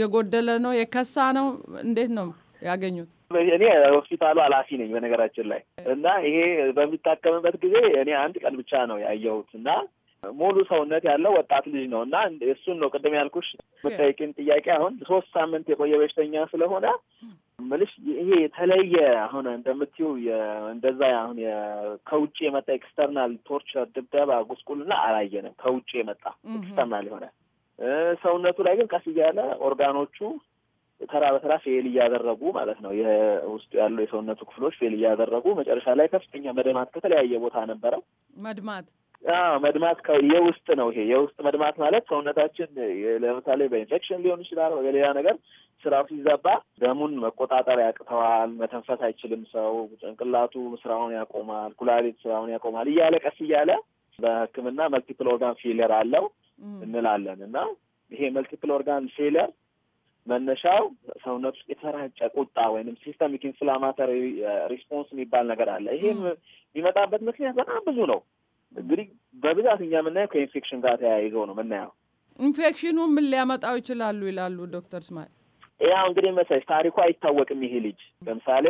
S11: የጎደለ ነው፣ የከሳ ነው፣ እንዴት ነው ያገኙት?
S2: እኔ ሆስፒታሉ ኃላፊ ነኝ በነገራችን ላይ እና ይሄ በሚታከምበት ጊዜ እኔ አንድ ቀን ብቻ ነው ያየሁት እና ሙሉ ሰውነት ያለው ወጣት ልጅ ነው እና እሱን ነው ቅድም ያልኩሽ የምትጠይቂን ጥያቄ አሁን ሶስት ሳምንት የቆየ በሽተኛ ስለሆነ ምልሽ ይሄ የተለየ አሁን እንደምትይው እንደዛ አሁን ከውጭ የመጣ ኤክስተርናል ቶርቸር፣ ድብደባ፣ ጉስቁልና አላየንም። ከውጭ የመጣ ኤክስተርናል የሆነ ሰውነቱ ላይ ግን ቀስ እያለ ኦርጋኖቹ ተራ በተራ ፌል እያደረጉ ማለት ነው ውስጡ ያለው የሰውነቱ ክፍሎች ፌል እያደረጉ መጨረሻ ላይ ከፍተኛ መድማት ከተለያየ ቦታ ነበረው። መድማት መድማት የውስጥ ነው። ይሄ የውስጥ መድማት ማለት ሰውነታችን ለምሳሌ በኢንፌክሽን ሊሆን ይችላል፣ በሌላ ነገር ስራው ሲዛባ ደሙን መቆጣጠር ያቅተዋል። መተንፈስ አይችልም ሰው። ጭንቅላቱ ስራውን ያቆማል፣ ኩላሊት ስራውን ያቆማል። እያለ ቀስ እያለ በሕክምና መልቲፕል ኦርጋን ፌለር አለው እንላለን እና ይሄ መልቲፕል ኦርጋን ፌለር መነሻው ሰውነት ውስጥ የተራጨ ቁጣ ወይም ሲስተሚክ ኢንፍላማተሪ ሪስፖንስ የሚባል ነገር አለ። ይሄ የሚመጣበት ምክንያት በጣም ብዙ ነው። እንግዲህ በብዛት እኛ የምናየው ከኢንፌክሽን ጋር ተያይዞ ነው የምናየው።
S11: ኢንፌክሽኑ ምን ሊያመጣው ይችላሉ ይላሉ ዶክተር ስማኤል?
S2: ያው እንግዲህ መሰለሽ ታሪኩ አይታወቅም። ይሄ ልጅ ለምሳሌ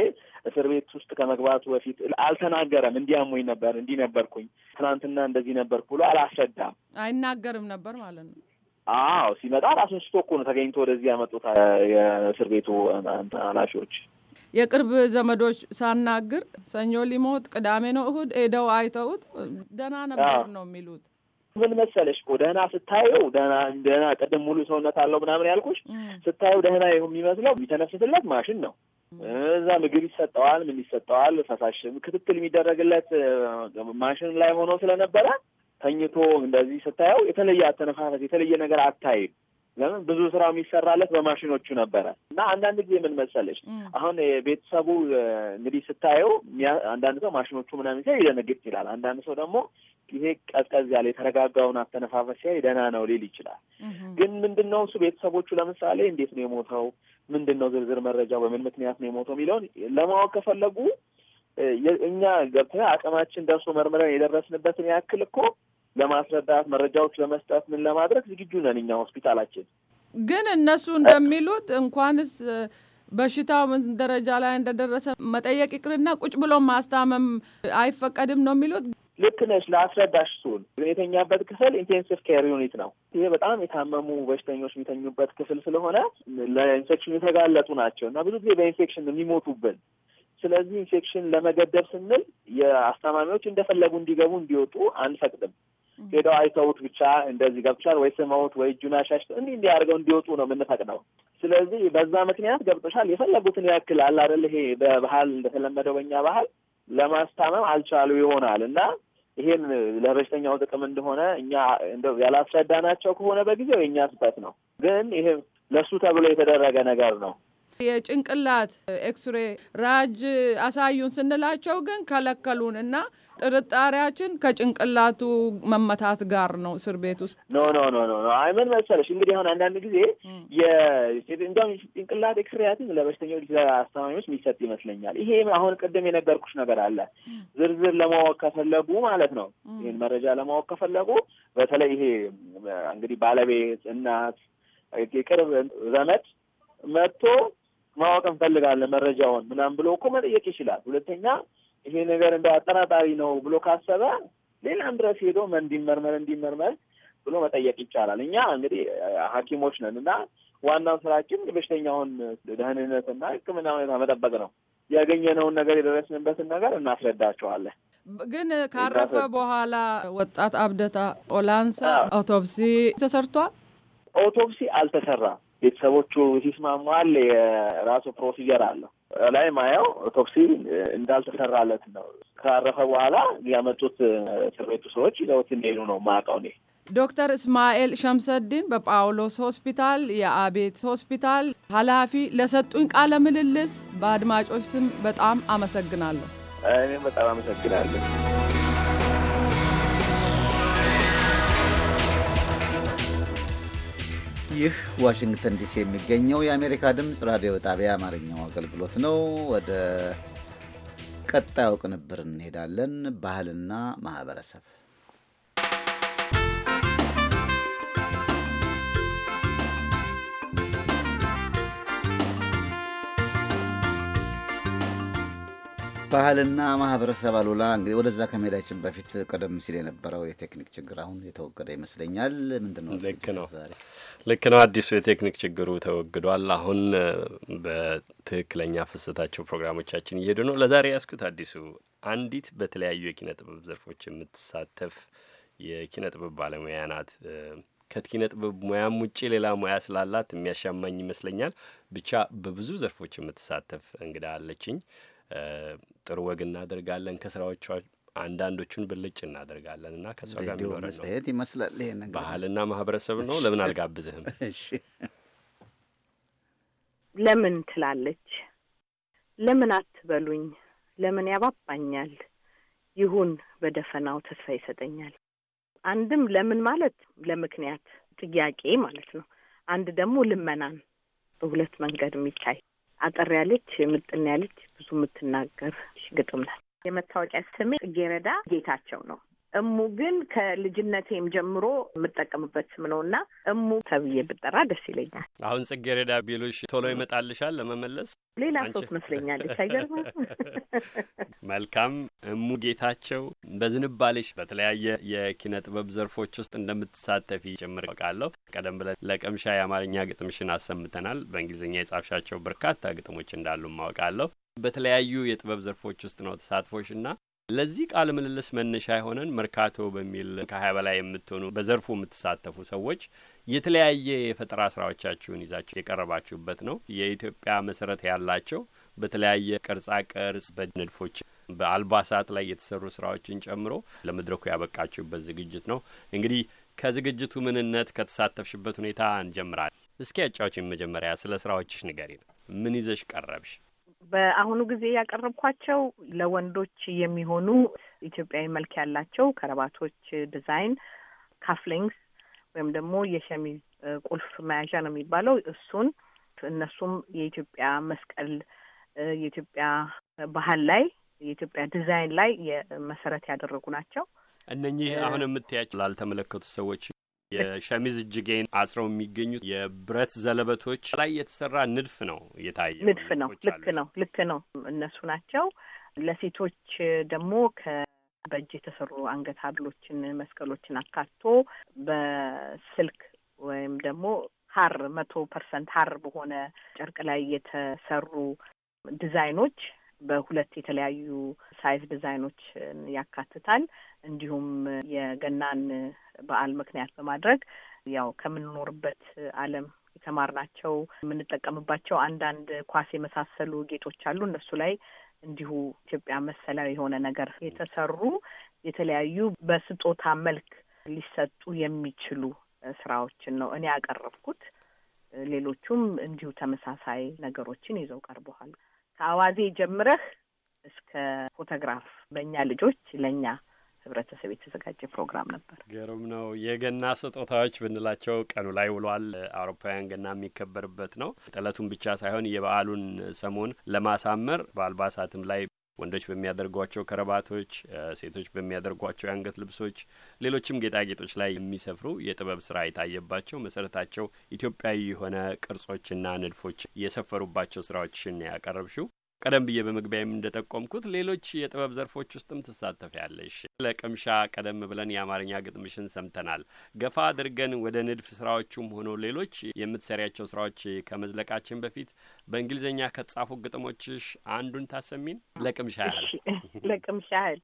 S2: እስር ቤት ውስጥ ከመግባቱ በፊት አልተናገረም። እንዲያሞኝ ነበር፣ እንዲህ ነበርኩኝ፣ ትናንትና እንደዚህ ነበርኩ ብሎ አላስረዳም።
S11: አይናገርም ነበር ማለት ነው።
S2: አዎ ሲመጣ ራሱን ስቶ እኮ ነው ተገኝቶ ወደዚህ ያመጡት የእስር ቤቱ ኃላፊዎች።
S11: የቅርብ ዘመዶች ሳናግር ሰኞ ሊሞት ቅዳሜ ነው እሁድ ሄደው አይተውት ደህና ነበር ነው የሚሉት ምን
S2: መሰለሽ እኮ ደህና ስታየው ደህና ደህና ቅድም ሙሉ ሰውነት አለው ምናምን ያልኩሽ ስታየው ደህና ይሁን የሚመስለው የሚተነፍስለት ማሽን ነው። እዛ ምግብ ይሰጠዋል፣ ምን ይሰጠዋል፣ ፈሳሽ ክትትል የሚደረግለት ማሽን ላይ ሆኖ ስለነበረ ተኝቶ እንደዚህ ስታየው የተለየ አተነፋፈስ የተለየ ነገር አታይም። ለምን ብዙ ስራው የሚሰራለት በማሽኖቹ ነበረ። እና አንዳንድ ጊዜ ምን መሰለሽ አሁን ቤተሰቡ እንግዲህ ስታየው አንዳንድ ሰው ማሽኖቹ ምናምን ሲያይ ይደነግጥ ይችላል። አንዳንድ ሰው ደግሞ ይሄ ቀዝቀዝ ያለ የተረጋጋውን አተነፋፈሻ ደህና ነው ሊል ይችላል። ግን ምንድን ነው እሱ ቤተሰቦቹ ለምሳሌ እንዴት ነው የሞተው፣ ምንድን ነው ዝርዝር መረጃው፣ በምን ምክንያት ነው የሞተው የሚለውን ለማወቅ ከፈለጉ እኛ ገብተን አቅማችን ደርሶ መርምረን የደረስንበትን ያክል እኮ ለማስረዳት መረጃዎች ለመስጠት ምን ለማድረግ ዝግጁ ነን እኛ ሆስፒታላችን።
S11: ግን እነሱ እንደሚሉት እንኳንስ በሽታው ምን ደረጃ ላይ እንደደረሰ መጠየቅ ይቅርና ቁጭ ብሎ ማስታመም አይፈቀድም ነው የሚሉት።
S2: ልክ ነሽ። ለአስረዳሽ እሱን የተኛበት ክፍል ኢንቴንሲቭ ኬር ዩኒት ነው። ይሄ በጣም የታመሙ በሽተኞች የሚተኙበት ክፍል ስለሆነ ለኢንፌክሽን የተጋለጡ ናቸው እና ብዙ ጊዜ በኢንፌክሽን የሚሞቱብን ስለዚህ ኢንፌክሽን ለመገደብ ስንል የአስታማሚዎች እንደፈለጉ እንዲገቡ እንዲወጡ አንፈቅድም። ሄደው አይተውት ብቻ እንደዚህ ገብቶሻል ወይ ስመውት ወይ እጁን አሻሽተው እንዲህ እንዲህ አድርገው እንዲወጡ ነው የምንፈቅደው። ስለዚህ በዛ ምክንያት ገብቶሻል የፈለጉትን ያክል አለ አይደል? ይሄ በባህል እንደተለመደው በእኛ ባህል ለማስታመም አልቻሉ ይሆናል እና ይሄን ለበሽተኛው ጥቅም እንደሆነ እኛ እንደው ያላስረዳናቸው ከሆነ በጊዜው የእኛ ስህተት ነው። ግን ይሄ ለሱ ተብሎ የተደረገ ነገር ነው።
S11: የጭንቅላት ኤክስሬ ራጅ አሳዩን ስንላቸው ግን ከለከሉን እና ጥርጣሬያችን ከጭንቅላቱ መመታት ጋር ነው እስር ቤት ውስጥ
S2: ኖ ኖ ኖ ኖ አይመን መሰለሽ እንግዲህ አሁን አንዳንድ ጊዜ እንዲሁም ጭንቅላት ኤክስሬያትን ለበሽተኛው አስተማሚዎች የሚሰጥ ይመስለኛል። ይሄ አሁን ቅድም የነገርኩሽ ነገር አለ። ዝርዝር ለማወቅ ከፈለጉ ማለት ነው ይህን መረጃ ለማወቅ ከፈለጉ በተለይ ይሄ እንግዲህ ባለቤት፣ እናት፣ የቅርብ ዘመድ መጥቶ ማወቅ እንፈልጋለን መረጃውን ምናምን ብሎ እኮ መጠየቅ ይችላል። ሁለተኛ ይሄ ነገር እንደ አጠራጣሪ ነው ብሎ ካሰበ ሌላም ድረስ ሄዶ እንዲመርመር እንዲመርመር ብሎ መጠየቅ ይቻላል። እኛ እንግዲህ ሐኪሞች ነን እና ዋናው ስራችን የበሽተኛውን ደህንነትና ሕክምና ሁኔታ መጠበቅ ነው። ያገኘነውን ነገር የደረስንበትን ነገር እናስረዳቸዋለን።
S11: ግን ካረፈ በኋላ ወጣት አብደታ ኦላንሳ ኦቶፕሲ ተሰርቷል? ኦቶፕሲ አልተሰራም። ቤተሰቦቹ ሲስማሙ
S2: አለ የራሱ ፕሮሲጀር አለው ላይ ማየው ቶክሲ እንዳልተሰራለት ነው። ካረፈ በኋላ ያመጡት እስር ቤቱ ሰዎች ይዘውት እንደሄዱ ነው ማቀው እኔ።
S11: ዶክተር እስማኤል ሸምሰዲን በጳውሎስ ሆስፒታል የአቤት ሆስፒታል ኃላፊ ለሰጡኝ ቃለ ምልልስ በአድማጮች ስም በጣም አመሰግናለሁ።
S2: እኔም በጣም አመሰግናለሁ።
S1: ይህ ዋሽንግተን ዲሲ የሚገኘው የአሜሪካ ድምፅ ራዲዮ ጣቢያ የአማርኛው አገልግሎት ነው። ወደ ቀጣዩ ቅንብር እንሄዳለን። ባህልና ማህበረሰብ ባህልና ማህበረሰብ አሉላ እንግዲህ ወደዛ ከመሄዳችን በፊት ቀደም ሲል የነበረው የቴክኒክ ችግር አሁን የተወገደ ይመስለኛል። ምንድን ነው? ልክ ነው፣
S3: ልክ ነው። አዲሱ የቴክኒክ ችግሩ ተወግዷል። አሁን በትክክለኛ ፍሰታቸው ፕሮግራሞቻችን እየሄዱ ነው። ለዛሬ ያስኩት አዲሱ አንዲት በተለያዩ የኪነ ጥበብ ዘርፎች የምትሳተፍ የኪነ ጥበብ ባለሙያ ናት። ከኪነ ጥበብ ሙያም ውጭ ሌላ ሙያ ስላላት የሚያሻማኝ ይመስለኛል። ብቻ በብዙ ዘርፎች የምትሳተፍ እንግዳ አለችኝ። ጥሩ ወግ እናደርጋለን። ከስራዎቿ አንዳንዶቹን ብልጭ እናደርጋለን እና ከእሷ ጋር ነው
S1: ይመስላል። ይሄ ነገር ባህልና ማህበረሰብ ነው። ለምን አልጋብዝህም?
S3: እሺ
S5: ለምን ትላለች። ለምን አትበሉኝ፣ ለምን ያባባኛል፣ ይሁን በደፈናው ተስፋ ይሰጠኛል። አንድም ለምን ማለት ለምክንያት ጥያቄ ማለት ነው። አንድ ደግሞ ልመናን በሁለት መንገድ የሚታይ አጠር ያለች ምጥን ያለች ብዙ የምትናገር ግጥም ናት። የመታወቂያ ስሜ ጌረዳ ጌታቸው ነው። እሙ ግን ከልጅነቴም ጀምሮ የምጠቀምበት ስም ነው እና እሙ ተብዬ ብጠራ ደስ ይለኛል።
S3: አሁን ጽጌረዳ ቢሉሽ ቶሎ ይመጣልሻል ለመመለስ ሌላ ሶት መስለኛል። አይገርም።
S5: *laughs*
S3: መልካም እሙ ጌታቸው፣ በዝንባሌሽ በተለያየ የኪነ ጥበብ ዘርፎች ውስጥ እንደምትሳተፊ ጭምር ያውቃለሁ። ቀደም ብለን ለቅምሻ የአማርኛ ግጥምሽን አሰምተናል። በእንግሊዝኛ የጻፍሻቸው በርካታ ግጥሞች እንዳሉ ማወቃለሁ። በተለያዩ የጥበብ ዘርፎች ውስጥ ነው ተሳትፎሽ ና ለዚህ ቃለ ምልልስ መነሻ የሆነን መርካቶ በሚል ከሀያ በላይ የምትሆኑ በዘርፉ የምትሳተፉ ሰዎች የተለያየ የፈጠራ ስራዎቻችሁን ይዛችሁ የቀረባችሁበት ነው። የኢትዮጵያ መሰረት ያላቸው በተለያየ ቅርጻ ቅርጽ፣ በንድፎች፣ በአልባሳት ላይ የተሰሩ ስራዎችን ጨምሮ ለመድረኩ ያበቃችሁበት ዝግጅት ነው። እንግዲህ ከዝግጅቱ ምንነት ከተሳተፍሽበት ሁኔታ እንጀምራለን። እስኪ ያጫዎች መጀመሪያ ስለ ስራዎችሽ ንገሪ ነው። ምን ይዘሽ ቀረብሽ?
S5: በአሁኑ ጊዜ ያቀረብኳቸው ለወንዶች የሚሆኑ ኢትዮጵያዊ መልክ ያላቸው ከረባቶች ዲዛይን ካፍሊንግስ ወይም ደግሞ የሸሚዝ ቁልፍ መያዣ ነው የሚባለው እሱን እነሱም የኢትዮጵያ መስቀል የኢትዮጵያ ባህል ላይ የኢትዮጵያ ዲዛይን ላይ መሰረት ያደረጉ ናቸው።
S3: እነኚህ አሁን የምትያቸው ላልተመለከቱ ሰዎች የሸሚዝ እጅጌን አስረው የሚገኙት የብረት ዘለበቶች ላይ የተሰራ ንድፍ ነው የታየው። ንድፍ ነው። ልክ
S5: ነው። ልክ ነው። እነሱ ናቸው። ለሴቶች ደግሞ ከበእጅ የተሰሩ አንገት ሀብሎችን፣ መስቀሎችን አካቶ በስልክ ወይም ደግሞ ሀር መቶ ፐርሰንት ሀር በሆነ ጨርቅ ላይ የተሰሩ ዲዛይኖች በሁለት የተለያዩ ሳይዝ ዲዛይኖች ያካትታል። እንዲሁም የገናን በዓል ምክንያት በማድረግ ያው ከምንኖርበት ዓለም የተማርናቸው የምንጠቀምባቸው አንዳንድ ኳስ የመሳሰሉ ጌጦች አሉ። እነሱ ላይ እንዲሁ ኢትዮጵያ መሰላዊ የሆነ ነገር የተሰሩ የተለያዩ በስጦታ መልክ ሊሰጡ የሚችሉ ስራዎችን ነው እኔ ያቀረብኩት። ሌሎቹም እንዲሁ ተመሳሳይ ነገሮችን ይዘው ቀርበዋል። ከአዋዜ ጀምረህ እስከ ፎቶግራፍ በእኛ ልጆች ለእኛ ህብረተሰብ የተዘጋጀ ፕሮግራም ነበር።
S3: ግሩም ነው። የገና ስጦታዎች ብንላቸው ቀኑ ላይ ውሏል። አውሮፓውያን ገና የሚከበርበት ነው። ጥለቱን ብቻ ሳይሆን የበዓሉን ሰሞን ለማሳመር በአልባሳትም ላይ ወንዶች በሚያደርጓቸው ከረባቶች፣ ሴቶች በሚያደርጓቸው የአንገት ልብሶች፣ ሌሎችም ጌጣጌጦች ላይ የሚሰፍሩ የጥበብ ስራ የታየባቸው መሰረታቸው ኢትዮጵያዊ የሆነ ቅርጾችና ንድፎች የሰፈሩባቸው ስራዎችን ያቀረብሽው ቀደም ብዬ በመግቢያም እንደጠቆምኩት ሌሎች የጥበብ ዘርፎች ውስጥም ትሳተፊያለሽ። ለቅምሻ ቀደም ብለን የአማርኛ ግጥምሽን ሰምተናል። ገፋ አድርገን ወደ ንድፍ ስራዎቹም ሆኖ ሌሎች የምትሰሪያቸው ስራዎች ከመዝለቃችን በፊት በእንግሊዝኛ ከተጻፉ ግጥሞችሽ አንዱን ታሰሚን? ለቅምሻ ያህል
S5: ለቅምሻ ያህል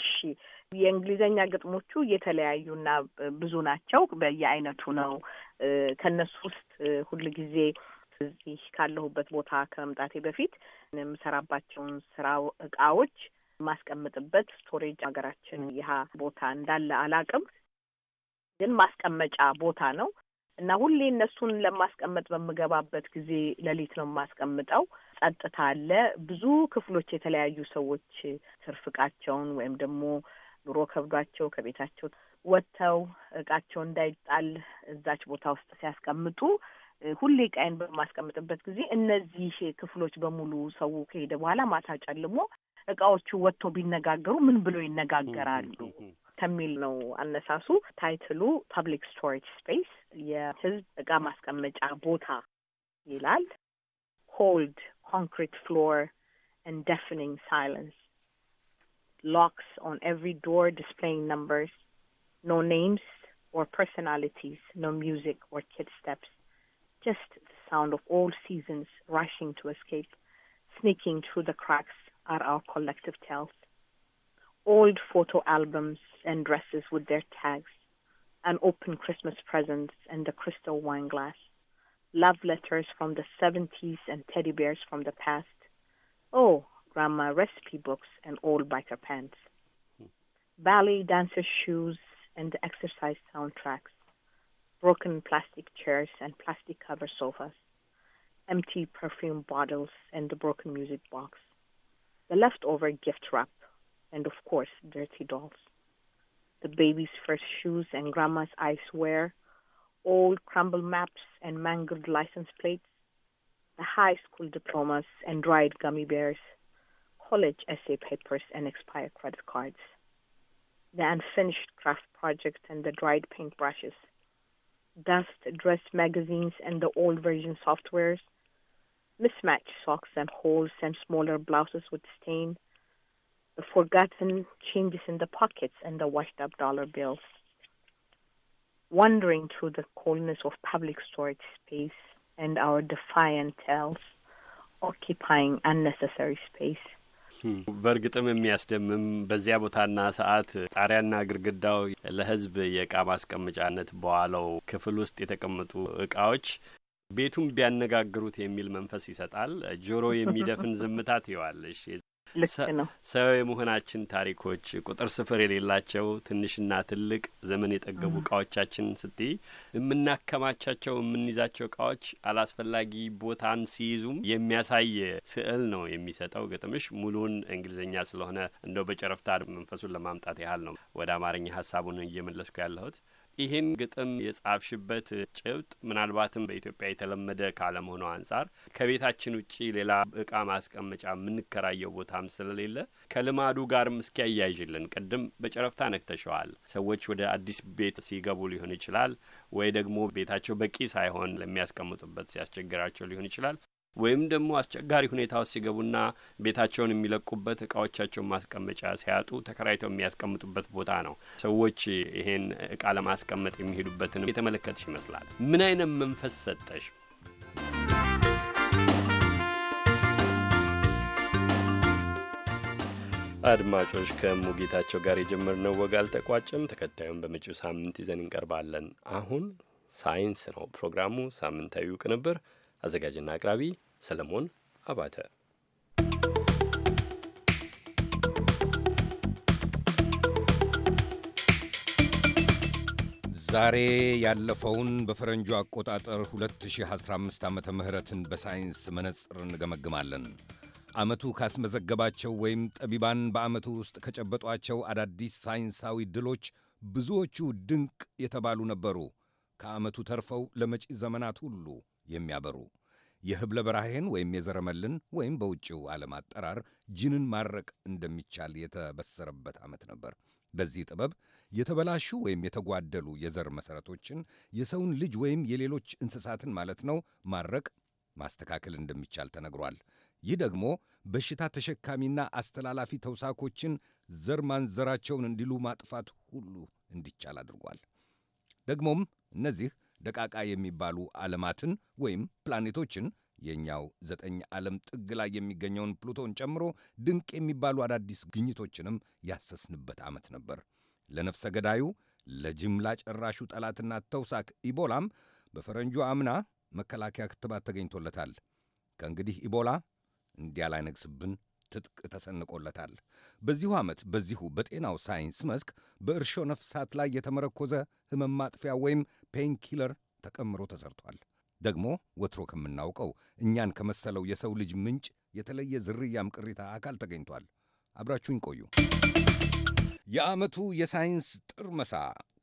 S5: እሺ። የእንግሊዝኛ ግጥሞቹ የተለያዩና ብዙ ናቸው። በየአይነቱ ነው። ከእነሱ ውስጥ ሁልጊዜ እዚህ ካለሁበት ቦታ ከመምጣቴ በፊት የምሰራባቸውን ስራ እቃዎች የማስቀምጥበት ስቶሬጅ ሀገራችን ይሀ ቦታ እንዳለ አላቅም፣ ግን ማስቀመጫ ቦታ ነው እና ሁሌ እነሱን ለማስቀመጥ በምገባበት ጊዜ ሌሊት ነው የማስቀምጠው። ጸጥታ አለ። ብዙ ክፍሎች የተለያዩ ሰዎች ትርፍ ወይም ደግሞ ኑሮ ከብዷቸው ከቤታቸው ወጥተው እቃቸው እንዳይጣል እዛች ቦታ ውስጥ ሲያስቀምጡ ሁሌ ቀይን በማስቀምጥበት ጊዜ እነዚህ ክፍሎች በሙሉ ሰው ከሄደ በኋላ ማታ ጨልሞ እቃዎቹ ወጥቶ ቢነጋገሩ ምን ብሎ ይነጋገራሉ ከሚል ነው አነሳሱ። ታይትሉ ፐብሊክ ስቶሬጅ ስፔስ የህዝብ እቃ ማስቀመጫ ቦታ ይላል። ሆልድ ኮንክሪት ፍሎር and deafening silence. Locks on every door displaying numbers. No names or personalities. No music or kid steps just the sound of all seasons rushing to escape, sneaking through the cracks are our collective tales. Old photo albums and dresses with their tags, open Christmas presents and the crystal wine glass, love letters from the 70s and teddy bears from the past. Oh, grandma recipe books and old biker pants. Hmm. Ballet dancer shoes and exercise soundtracks broken plastic chairs and plastic covered sofas, empty perfume bottles and the broken music box, the leftover gift wrap, and of course, dirty dolls. The baby's first shoes and grandma's eyewear, old crumbled maps and mangled license plates, the high school diplomas and dried gummy bears, college essay papers and expired credit cards, the unfinished craft projects and the dried paintbrushes dust dressed magazines and the old version softwares, mismatched socks and holes and smaller blouses with stain, the forgotten changes in the pockets and the washed up dollar bills. Wandering through the coldness of public storage space and our defiant tales, occupying unnecessary space
S3: በእርግጥም የሚያስደምም በዚያ ቦታና ሰዓት ጣሪያና ግድግዳው ለህዝብ የእቃ ማስቀመጫነት በዋለው ክፍል ውስጥ የተቀመጡ እቃዎች ቤቱም ቢያነጋግሩት የሚል መንፈስ ይሰጣል። ጆሮ የሚደፍን ዝምታ ትይዋለሽ። ልክ ነው። ሰው የመሆናችን ታሪኮች ቁጥር ስፍር የሌላቸው ትንሽና ትልቅ ዘመን የጠገቡ እቃዎቻችን ስትይ የምናከማቻቸው የምንይዛቸው እቃዎች አላስፈላጊ ቦታን ሲይዙም የሚያሳይ ስዕል ነው የሚሰጠው ግጥምሽ። ሙሉን እንግሊዝኛ ስለሆነ እንደው በጨረፍታ መንፈሱን ለማምጣት ያህል ነው ወደ አማርኛ ሀሳቡን እየመለስኩ ያለሁት። ይህን ግጥም የጻፍሽበት ጭብጥ ምናልባትም በኢትዮጵያ የተለመደ ካለመሆኑ አንጻር ከቤታችን ውጭ ሌላ እቃ ማስቀመጫ የምንከራየው ቦታም ስለሌለ ከልማዱ ጋርም እስኪያያይዥልን ቅድም በጨረፍታ ነክተሸዋል። ሰዎች ወደ አዲስ ቤት ሲገቡ ሊሆን ይችላል ወይ ደግሞ ቤታቸው በቂ ሳይሆን ለሚያስቀምጡበት ሲያስቸግራቸው ሊሆን ይችላል። ወይም ደግሞ አስቸጋሪ ሁኔታ ውስጥ ሲገቡና ቤታቸውን የሚለቁበት እቃዎቻቸውን ማስቀመጫ ሲያጡ ተከራይተው የሚያስቀምጡበት ቦታ ነው። ሰዎች ይሄን እቃ ለማስቀመጥ የሚሄዱበትን የተመለከትሽ ይመስላል። ምን አይነት መንፈስ ሰጠሽ? አድማጮች ከሙጌታቸው ጋር የጀመርነው ወግ አልተቋጨም። ተከታዩን በመጪው ሳምንት ይዘን እንቀርባለን። አሁን ሳይንስ ነው ፕሮግራሙ። ሳምንታዊ ቅንብር አዘጋጅና አቅራቢ ሰለሞን አባተ።
S12: ዛሬ ያለፈውን በፈረንጁ አቆጣጠር 2015 ዓመተ ምህረትን በሳይንስ መነጽር እንገመግማለን። ዓመቱ ካስመዘገባቸው ወይም ጠቢባን በዓመቱ ውስጥ ከጨበጧቸው አዳዲስ ሳይንሳዊ ድሎች ብዙዎቹ ድንቅ የተባሉ ነበሩ። ከዓመቱ ተርፈው ለመጪ ዘመናት ሁሉ የሚያበሩ የህብለ በራሄን ወይም የዘረመልን ወይም በውጭው ዓለም አጠራር ጅንን ማረቅ እንደሚቻል የተበሰረበት ዓመት ነበር። በዚህ ጥበብ የተበላሹ ወይም የተጓደሉ የዘር መሠረቶችን የሰውን ልጅ ወይም የሌሎች እንስሳትን ማለት ነው ማረቅ፣ ማስተካከል እንደሚቻል ተነግሯል። ይህ ደግሞ በሽታ ተሸካሚና አስተላላፊ ተውሳኮችን ዘር ማንዘራቸውን እንዲሉ ማጥፋት ሁሉ እንዲቻል አድርጓል። ደግሞም እነዚህ ደቃቃ የሚባሉ ዓለማትን ወይም ፕላኔቶችን የእኛው ዘጠኝ ዓለም ጥግ ላይ የሚገኘውን ፕሉቶን ጨምሮ ድንቅ የሚባሉ አዳዲስ ግኝቶችንም ያሰስንበት ዓመት ነበር። ለነፍሰ ገዳዩ ለጅምላ ጨራሹ ጠላትና ተውሳክ ኢቦላም በፈረንጁ አምና መከላከያ ክትባት ተገኝቶለታል። ከእንግዲህ ኢቦላ እንዲያ ላይነግስብን ትጥቅ ተሰንቆለታል። በዚሁ ዓመት በዚሁ በጤናው ሳይንስ መስክ በእርሾ ነፍሳት ላይ የተመረኮዘ ህመም ማጥፊያ ወይም ፔን ኪለር ተቀምሮ ተሰርቷል። ደግሞ ወትሮ ከምናውቀው እኛን ከመሰለው የሰው ልጅ ምንጭ የተለየ ዝርያም ቅሪታ አካል ተገኝቷል። አብራችሁኝ ቆዩ። የዓመቱ የሳይንስ ጥርመሳ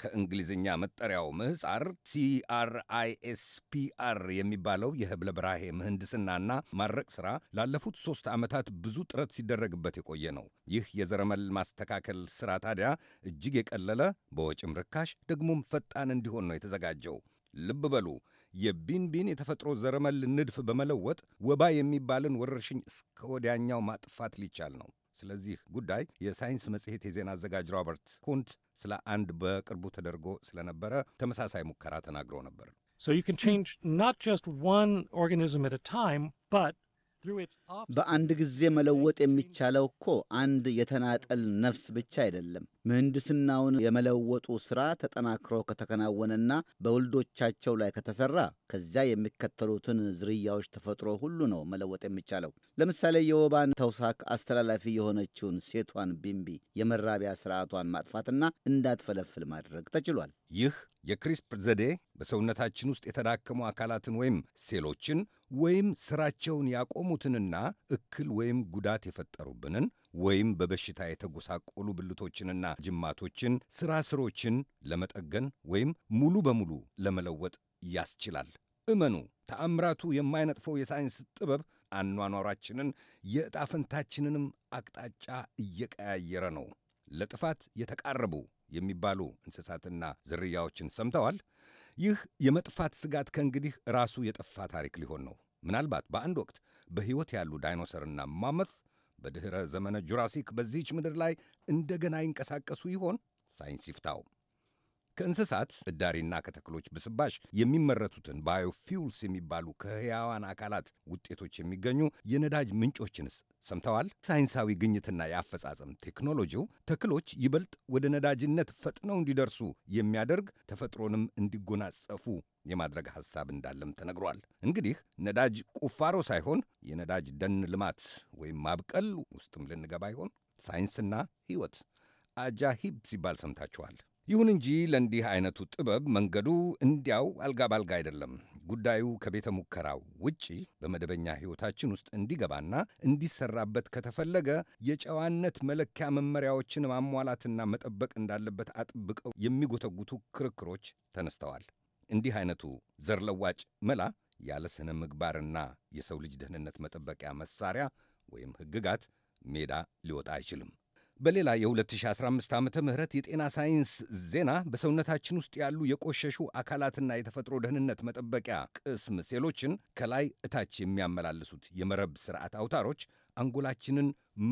S12: ከእንግሊዝኛ መጠሪያው ምህጻር ሲአርአይኤስፒአር የሚባለው የህብለ ብራሄ ምህንድስናና ማድረቅ ሥራ ላለፉት ሦስት ዓመታት ብዙ ጥረት ሲደረግበት የቆየ ነው። ይህ የዘረመል ማስተካከል ሥራ ታዲያ እጅግ የቀለለ በወጪም ርካሽ፣ ደግሞም ፈጣን እንዲሆን ነው የተዘጋጀው። ልብ በሉ የቢንቢን የተፈጥሮ ዘረመል ንድፍ በመለወጥ ወባ የሚባልን ወረርሽኝ እስከ ወዲያኛው ማጥፋት ሊቻል ነው። ስለዚህ ጉዳይ የሳይንስ መጽሔት የዜና አዘጋጅ ሮበርት ኩንት ስለ አንድ በቅርቡ ተደርጎ ስለነበረ ተመሳሳይ ሙከራ ተናግሮ ነበር።
S3: So you can change not just one organism at a time,
S1: but በአንድ ጊዜ መለወጥ የሚቻለው እኮ አንድ የተናጠል ነፍስ ብቻ አይደለም። ምህንድስናውን የመለወጡ ሥራ ተጠናክሮ ከተከናወነና በወልዶቻቸው ላይ ከተሠራ ከዚያ የሚከተሉትን ዝርያዎች ተፈጥሮ ሁሉ ነው መለወጥ የሚቻለው። ለምሳሌ የወባን ተውሳክ አስተላላፊ የሆነችውን ሴቷን
S12: ቢምቢ የመራቢያ ሥርዓቷን ማጥፋትና እንዳትፈለፍል ማድረግ ተችሏል። ይህ የክሪስፕ ዘዴ በሰውነታችን ውስጥ የተዳከሙ አካላትን ወይም ሴሎችን ወይም ስራቸውን ያቆሙትንና እክል ወይም ጉዳት የፈጠሩብንን ወይም በበሽታ የተጎሳቆሉ ብልቶችንና ጅማቶችን ሥራ ስሮችን ለመጠገን ወይም ሙሉ በሙሉ ለመለወጥ ያስችላል። እመኑ፣ ተአምራቱ የማይነጥፈው የሳይንስ ጥበብ አኗኗራችንን የዕጣ ፈንታችንንም አቅጣጫ እየቀያየረ ነው። ለጥፋት የተቃረቡ የሚባሉ እንስሳትና ዝርያዎችን ሰምተዋል። ይህ የመጥፋት ስጋት ከእንግዲህ ራሱ የጠፋ ታሪክ ሊሆን ነው። ምናልባት በአንድ ወቅት በሕይወት ያሉ ዳይኖሰርና ማመት በድኅረ ዘመነ ጁራሲክ በዚህች ምድር ላይ እንደገና ይንቀሳቀሱ ይሆን? ሳይንስ ይፍታው። ከእንስሳት እዳሪና ከተክሎች ብስባሽ የሚመረቱትን ባዮፊውልስ የሚባሉ ከሕያዋን አካላት ውጤቶች የሚገኙ የነዳጅ ምንጮችንስ ሰምተዋል? ሳይንሳዊ ግኝትና የአፈጻጸም ቴክኖሎጂው ተክሎች ይበልጥ ወደ ነዳጅነት ፈጥነው እንዲደርሱ የሚያደርግ ተፈጥሮንም እንዲጎናጸፉ የማድረግ ሐሳብ እንዳለም ተነግሯል። እንግዲህ ነዳጅ ቁፋሮ ሳይሆን የነዳጅ ደን ልማት ወይም ማብቀል ውስጥም ልንገባ ይሆን? ሳይንስና ሕይወት አጃሂብ ሲባል ሰምታችኋል። ይሁን እንጂ ለእንዲህ አይነቱ ጥበብ መንገዱ እንዲያው አልጋ ባልጋ አይደለም። ጉዳዩ ከቤተ ሙከራ ውጪ በመደበኛ ሕይወታችን ውስጥ እንዲገባና እንዲሰራበት ከተፈለገ የጨዋነት መለኪያ መመሪያዎችን ማሟላትና መጠበቅ እንዳለበት አጥብቀው የሚጎተጉቱ ክርክሮች ተነስተዋል። እንዲህ አይነቱ ዘርለዋጭ መላ ያለ ስነ ምግባርና የሰው ልጅ ደህንነት መጠበቂያ መሳሪያ ወይም ሕግጋት ሜዳ ሊወጣ አይችልም። በሌላ የ2015 ዓመተ ምህረት የጤና ሳይንስ ዜና በሰውነታችን ውስጥ ያሉ የቆሸሹ አካላትና የተፈጥሮ ደህንነት መጠበቂያ ቅስም ሴሎችን ከላይ እታች የሚያመላልሱት የመረብ ስርዓት አውታሮች አንጎላችንን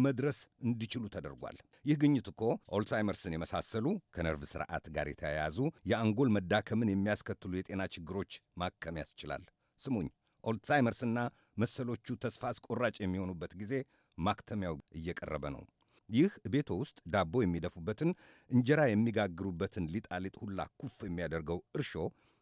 S12: መድረስ እንዲችሉ ተደርጓል። ይህ ግኝት እኮ ኦልዛይመርስን የመሳሰሉ ከነርቭ ስርዓት ጋር የተያያዙ የአንጎል መዳከምን የሚያስከትሉ የጤና ችግሮች ማከም ያስችላል። ስሙኝ፣ ኦልትሳይመርስና መሰሎቹ ተስፋ አስቆራጭ የሚሆኑበት ጊዜ ማክተሚያው እየቀረበ ነው። ይህ ቤቶ ውስጥ ዳቦ የሚደፉበትን እንጀራ የሚጋግሩበትን ሊጣሊጥ ሁላ ኩፍ የሚያደርገው እርሾ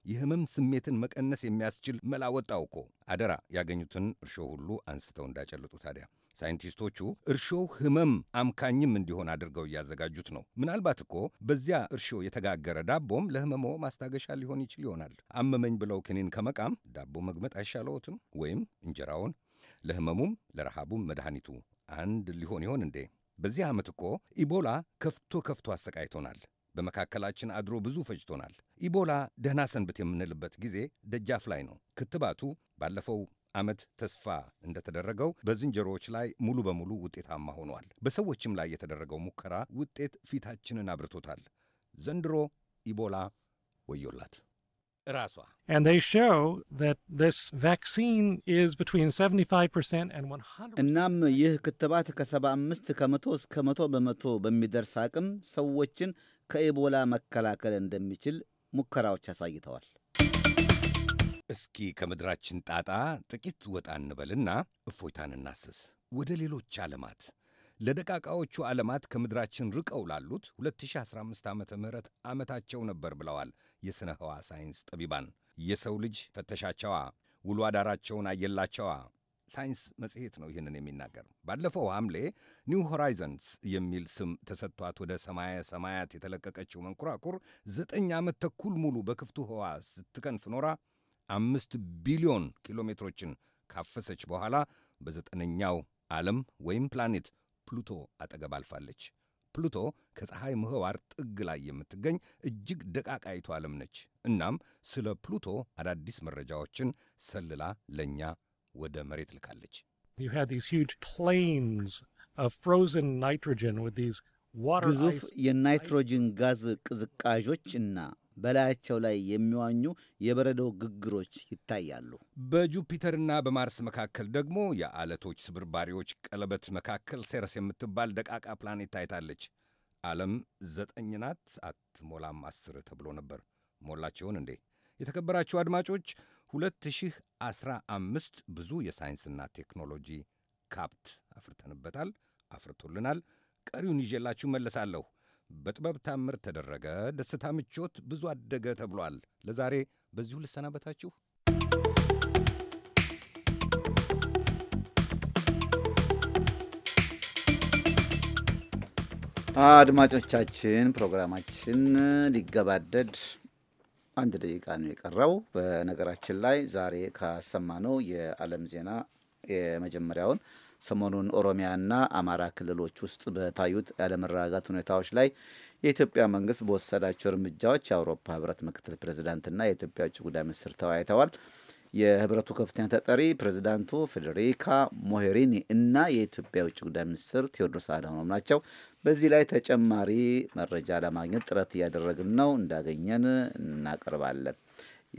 S12: የህመም ስሜትን መቀነስ የሚያስችል መላ ወጣው እኮ። አደራ ያገኙትን እርሾ ሁሉ አንስተው እንዳጨልጡ ታዲያ ሳይንቲስቶቹ እርሾው ህመም አምካኝም እንዲሆን አድርገው እያዘጋጁት ነው። ምናልባት እኮ በዚያ እርሾ የተጋገረ ዳቦም ለህመሞ ማስታገሻ ሊሆን ይችል ይሆናል። አመመኝ ብለው ክኒን ከመቃም ዳቦ መግመጥ አይሻለዎትም? ወይም እንጀራውን። ለህመሙም ለረሃቡም መድኃኒቱ አንድ ሊሆን ይሆን እንዴ? በዚህ ዓመት እኮ ኢቦላ ከፍቶ ከፍቶ አሰቃይቶናል። በመካከላችን አድሮ ብዙ ፈጅቶናል። ኢቦላ ደህና ሰንብት የምንልበት ጊዜ ደጃፍ ላይ ነው። ክትባቱ ባለፈው ዓመት ተስፋ እንደተደረገው በዝንጀሮዎች ላይ ሙሉ በሙሉ ውጤታማ ሆኗል። በሰዎችም ላይ የተደረገው ሙከራ ውጤት ፊታችንን አብርቶታል። ዘንድሮ ኢቦላ ወዮላት። ራሷ
S1: እናም ይህ ክትባት ከ75 ከመቶ እስከ መቶ በመቶ በሚደርስ አቅም ሰዎችን ከኢቦላ መከላከል እንደሚችል ሙከራዎች
S12: አሳይተዋል። እስኪ ከምድራችን ጣጣ ጥቂት ወጣ እንበልና እፎይታን እናስስ ወደ ሌሎች ዓለማት ለደቃቃዎቹ ዓለማት ከምድራችን ርቀው ላሉት 2015 ዓ ም ዓመታቸው ነበር ብለዋል የሥነ ህዋ ሳይንስ ጠቢባን። የሰው ልጅ ፈተሻቸዋ፣ ውሎ አዳራቸውን አየላቸዋ። ሳይንስ መጽሔት ነው ይህንን የሚናገር። ባለፈው ሐምሌ ኒው ሆራይዘንስ የሚል ስም ተሰጥቷት ወደ ሰማየ ሰማያት የተለቀቀችው መንኮራኩር ዘጠኝ ዓመት ተኩል ሙሉ በክፍቱ ህዋ ስትከንፍ ኖራ አምስት ቢሊዮን ኪሎ ሜትሮችን ካፈሰች በኋላ በዘጠነኛው ዓለም ወይም ፕላኔት ፕሉቶ አጠገብ አልፋለች። ፕሉቶ ከፀሐይ ምህዋር ጥግ ላይ የምትገኝ እጅግ ደቃቃይቱ ዓለም ነች። እናም ስለ ፕሉቶ አዳዲስ መረጃዎችን ሰልላ ለእኛ ወደ መሬት ልካለች። ግዙፍ የናይትሮጅን
S1: ጋዝ ቅዝቃዦች እና በላያቸው ላይ የሚዋኙ የበረዶ ግግሮች ይታያሉ።
S12: በጁፒተርና በማርስ መካከል ደግሞ የአለቶች ስብርባሪዎች ቀለበት መካከል ሴረስ የምትባል ደቃቃ ፕላኔት ታይታለች። ዓለም ዘጠኝ ናት፣ አትሞላም አስር ተብሎ ነበር። ሞላቸውን እንዴ? የተከበራችሁ አድማጮች 2015 ብዙ የሳይንስና ቴክኖሎጂ ካፕት አፍርተንበታል፣ አፍርቶልናል። ቀሪውን ይዤላችሁ መለሳለሁ። በጥበብ ታምር ተደረገ፣ ደስታ ምቾት ብዙ አደገ ተብሏል። ለዛሬ በዚሁ ልሰናበታችሁ።
S1: አድማጮቻችን ፕሮግራማችን ሊገባደድ አንድ ደቂቃ ነው የቀረው። በነገራችን ላይ ዛሬ ካሰማነው የዓለም ዜና የመጀመሪያውን ሰሞኑን ኦሮሚያና አማራ ክልሎች ውስጥ በታዩት ያለመረጋጋት ሁኔታዎች ላይ የኢትዮጵያ መንግስት በወሰዳቸው እርምጃዎች የአውሮፓ ህብረት ምክትል ፕሬዚዳንትና የኢትዮጵያ ውጭ ጉዳይ ሚኒስትር ተወያይተዋል። የህብረቱ ከፍተኛ ተጠሪ ፕሬዚዳንቱ ፌዴሪካ ሞሄሪኒ እና የኢትዮጵያ የውጭ ጉዳይ ሚኒስትር ቴዎድሮስ አድሃኖም ናቸው። በዚህ ላይ ተጨማሪ መረጃ ለማግኘት ጥረት እያደረግን ነው። እንዳገኘን እናቀርባለን።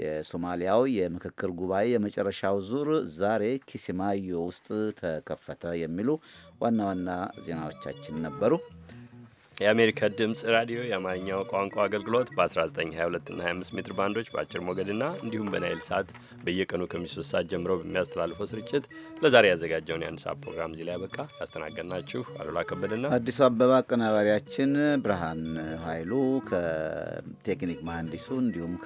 S1: የሶማሊያው የምክክር ጉባኤ የመጨረሻው ዙር ዛሬ ኪሲማዮ ውስጥ ተከፈተ የሚሉ ዋና ዋና ዜናዎቻችን ነበሩ።
S3: የአሜሪካ ድምፅ ራዲዮ የአማርኛው ቋንቋ አገልግሎት በ1922 እና 25 ሜትር ባንዶች በአጭር ሞገድና እንዲሁም በናይል ሰዓት በየቀኑ ከምሽቱ ሶስት ሰዓት ጀምሮ በሚያስተላልፈው ስርጭት ለዛሬ ያዘጋጀውን የአንድ ሰዓት ፕሮግራም እዚህ ላይ ያበቃ። ያስተናገድናችሁ አሉላ ከበድና አዲሱ
S1: አበባ፣ አቀናባሪያችን ብርሃን ኃይሉ ከቴክኒክ መሐንዲሱ እንዲሁም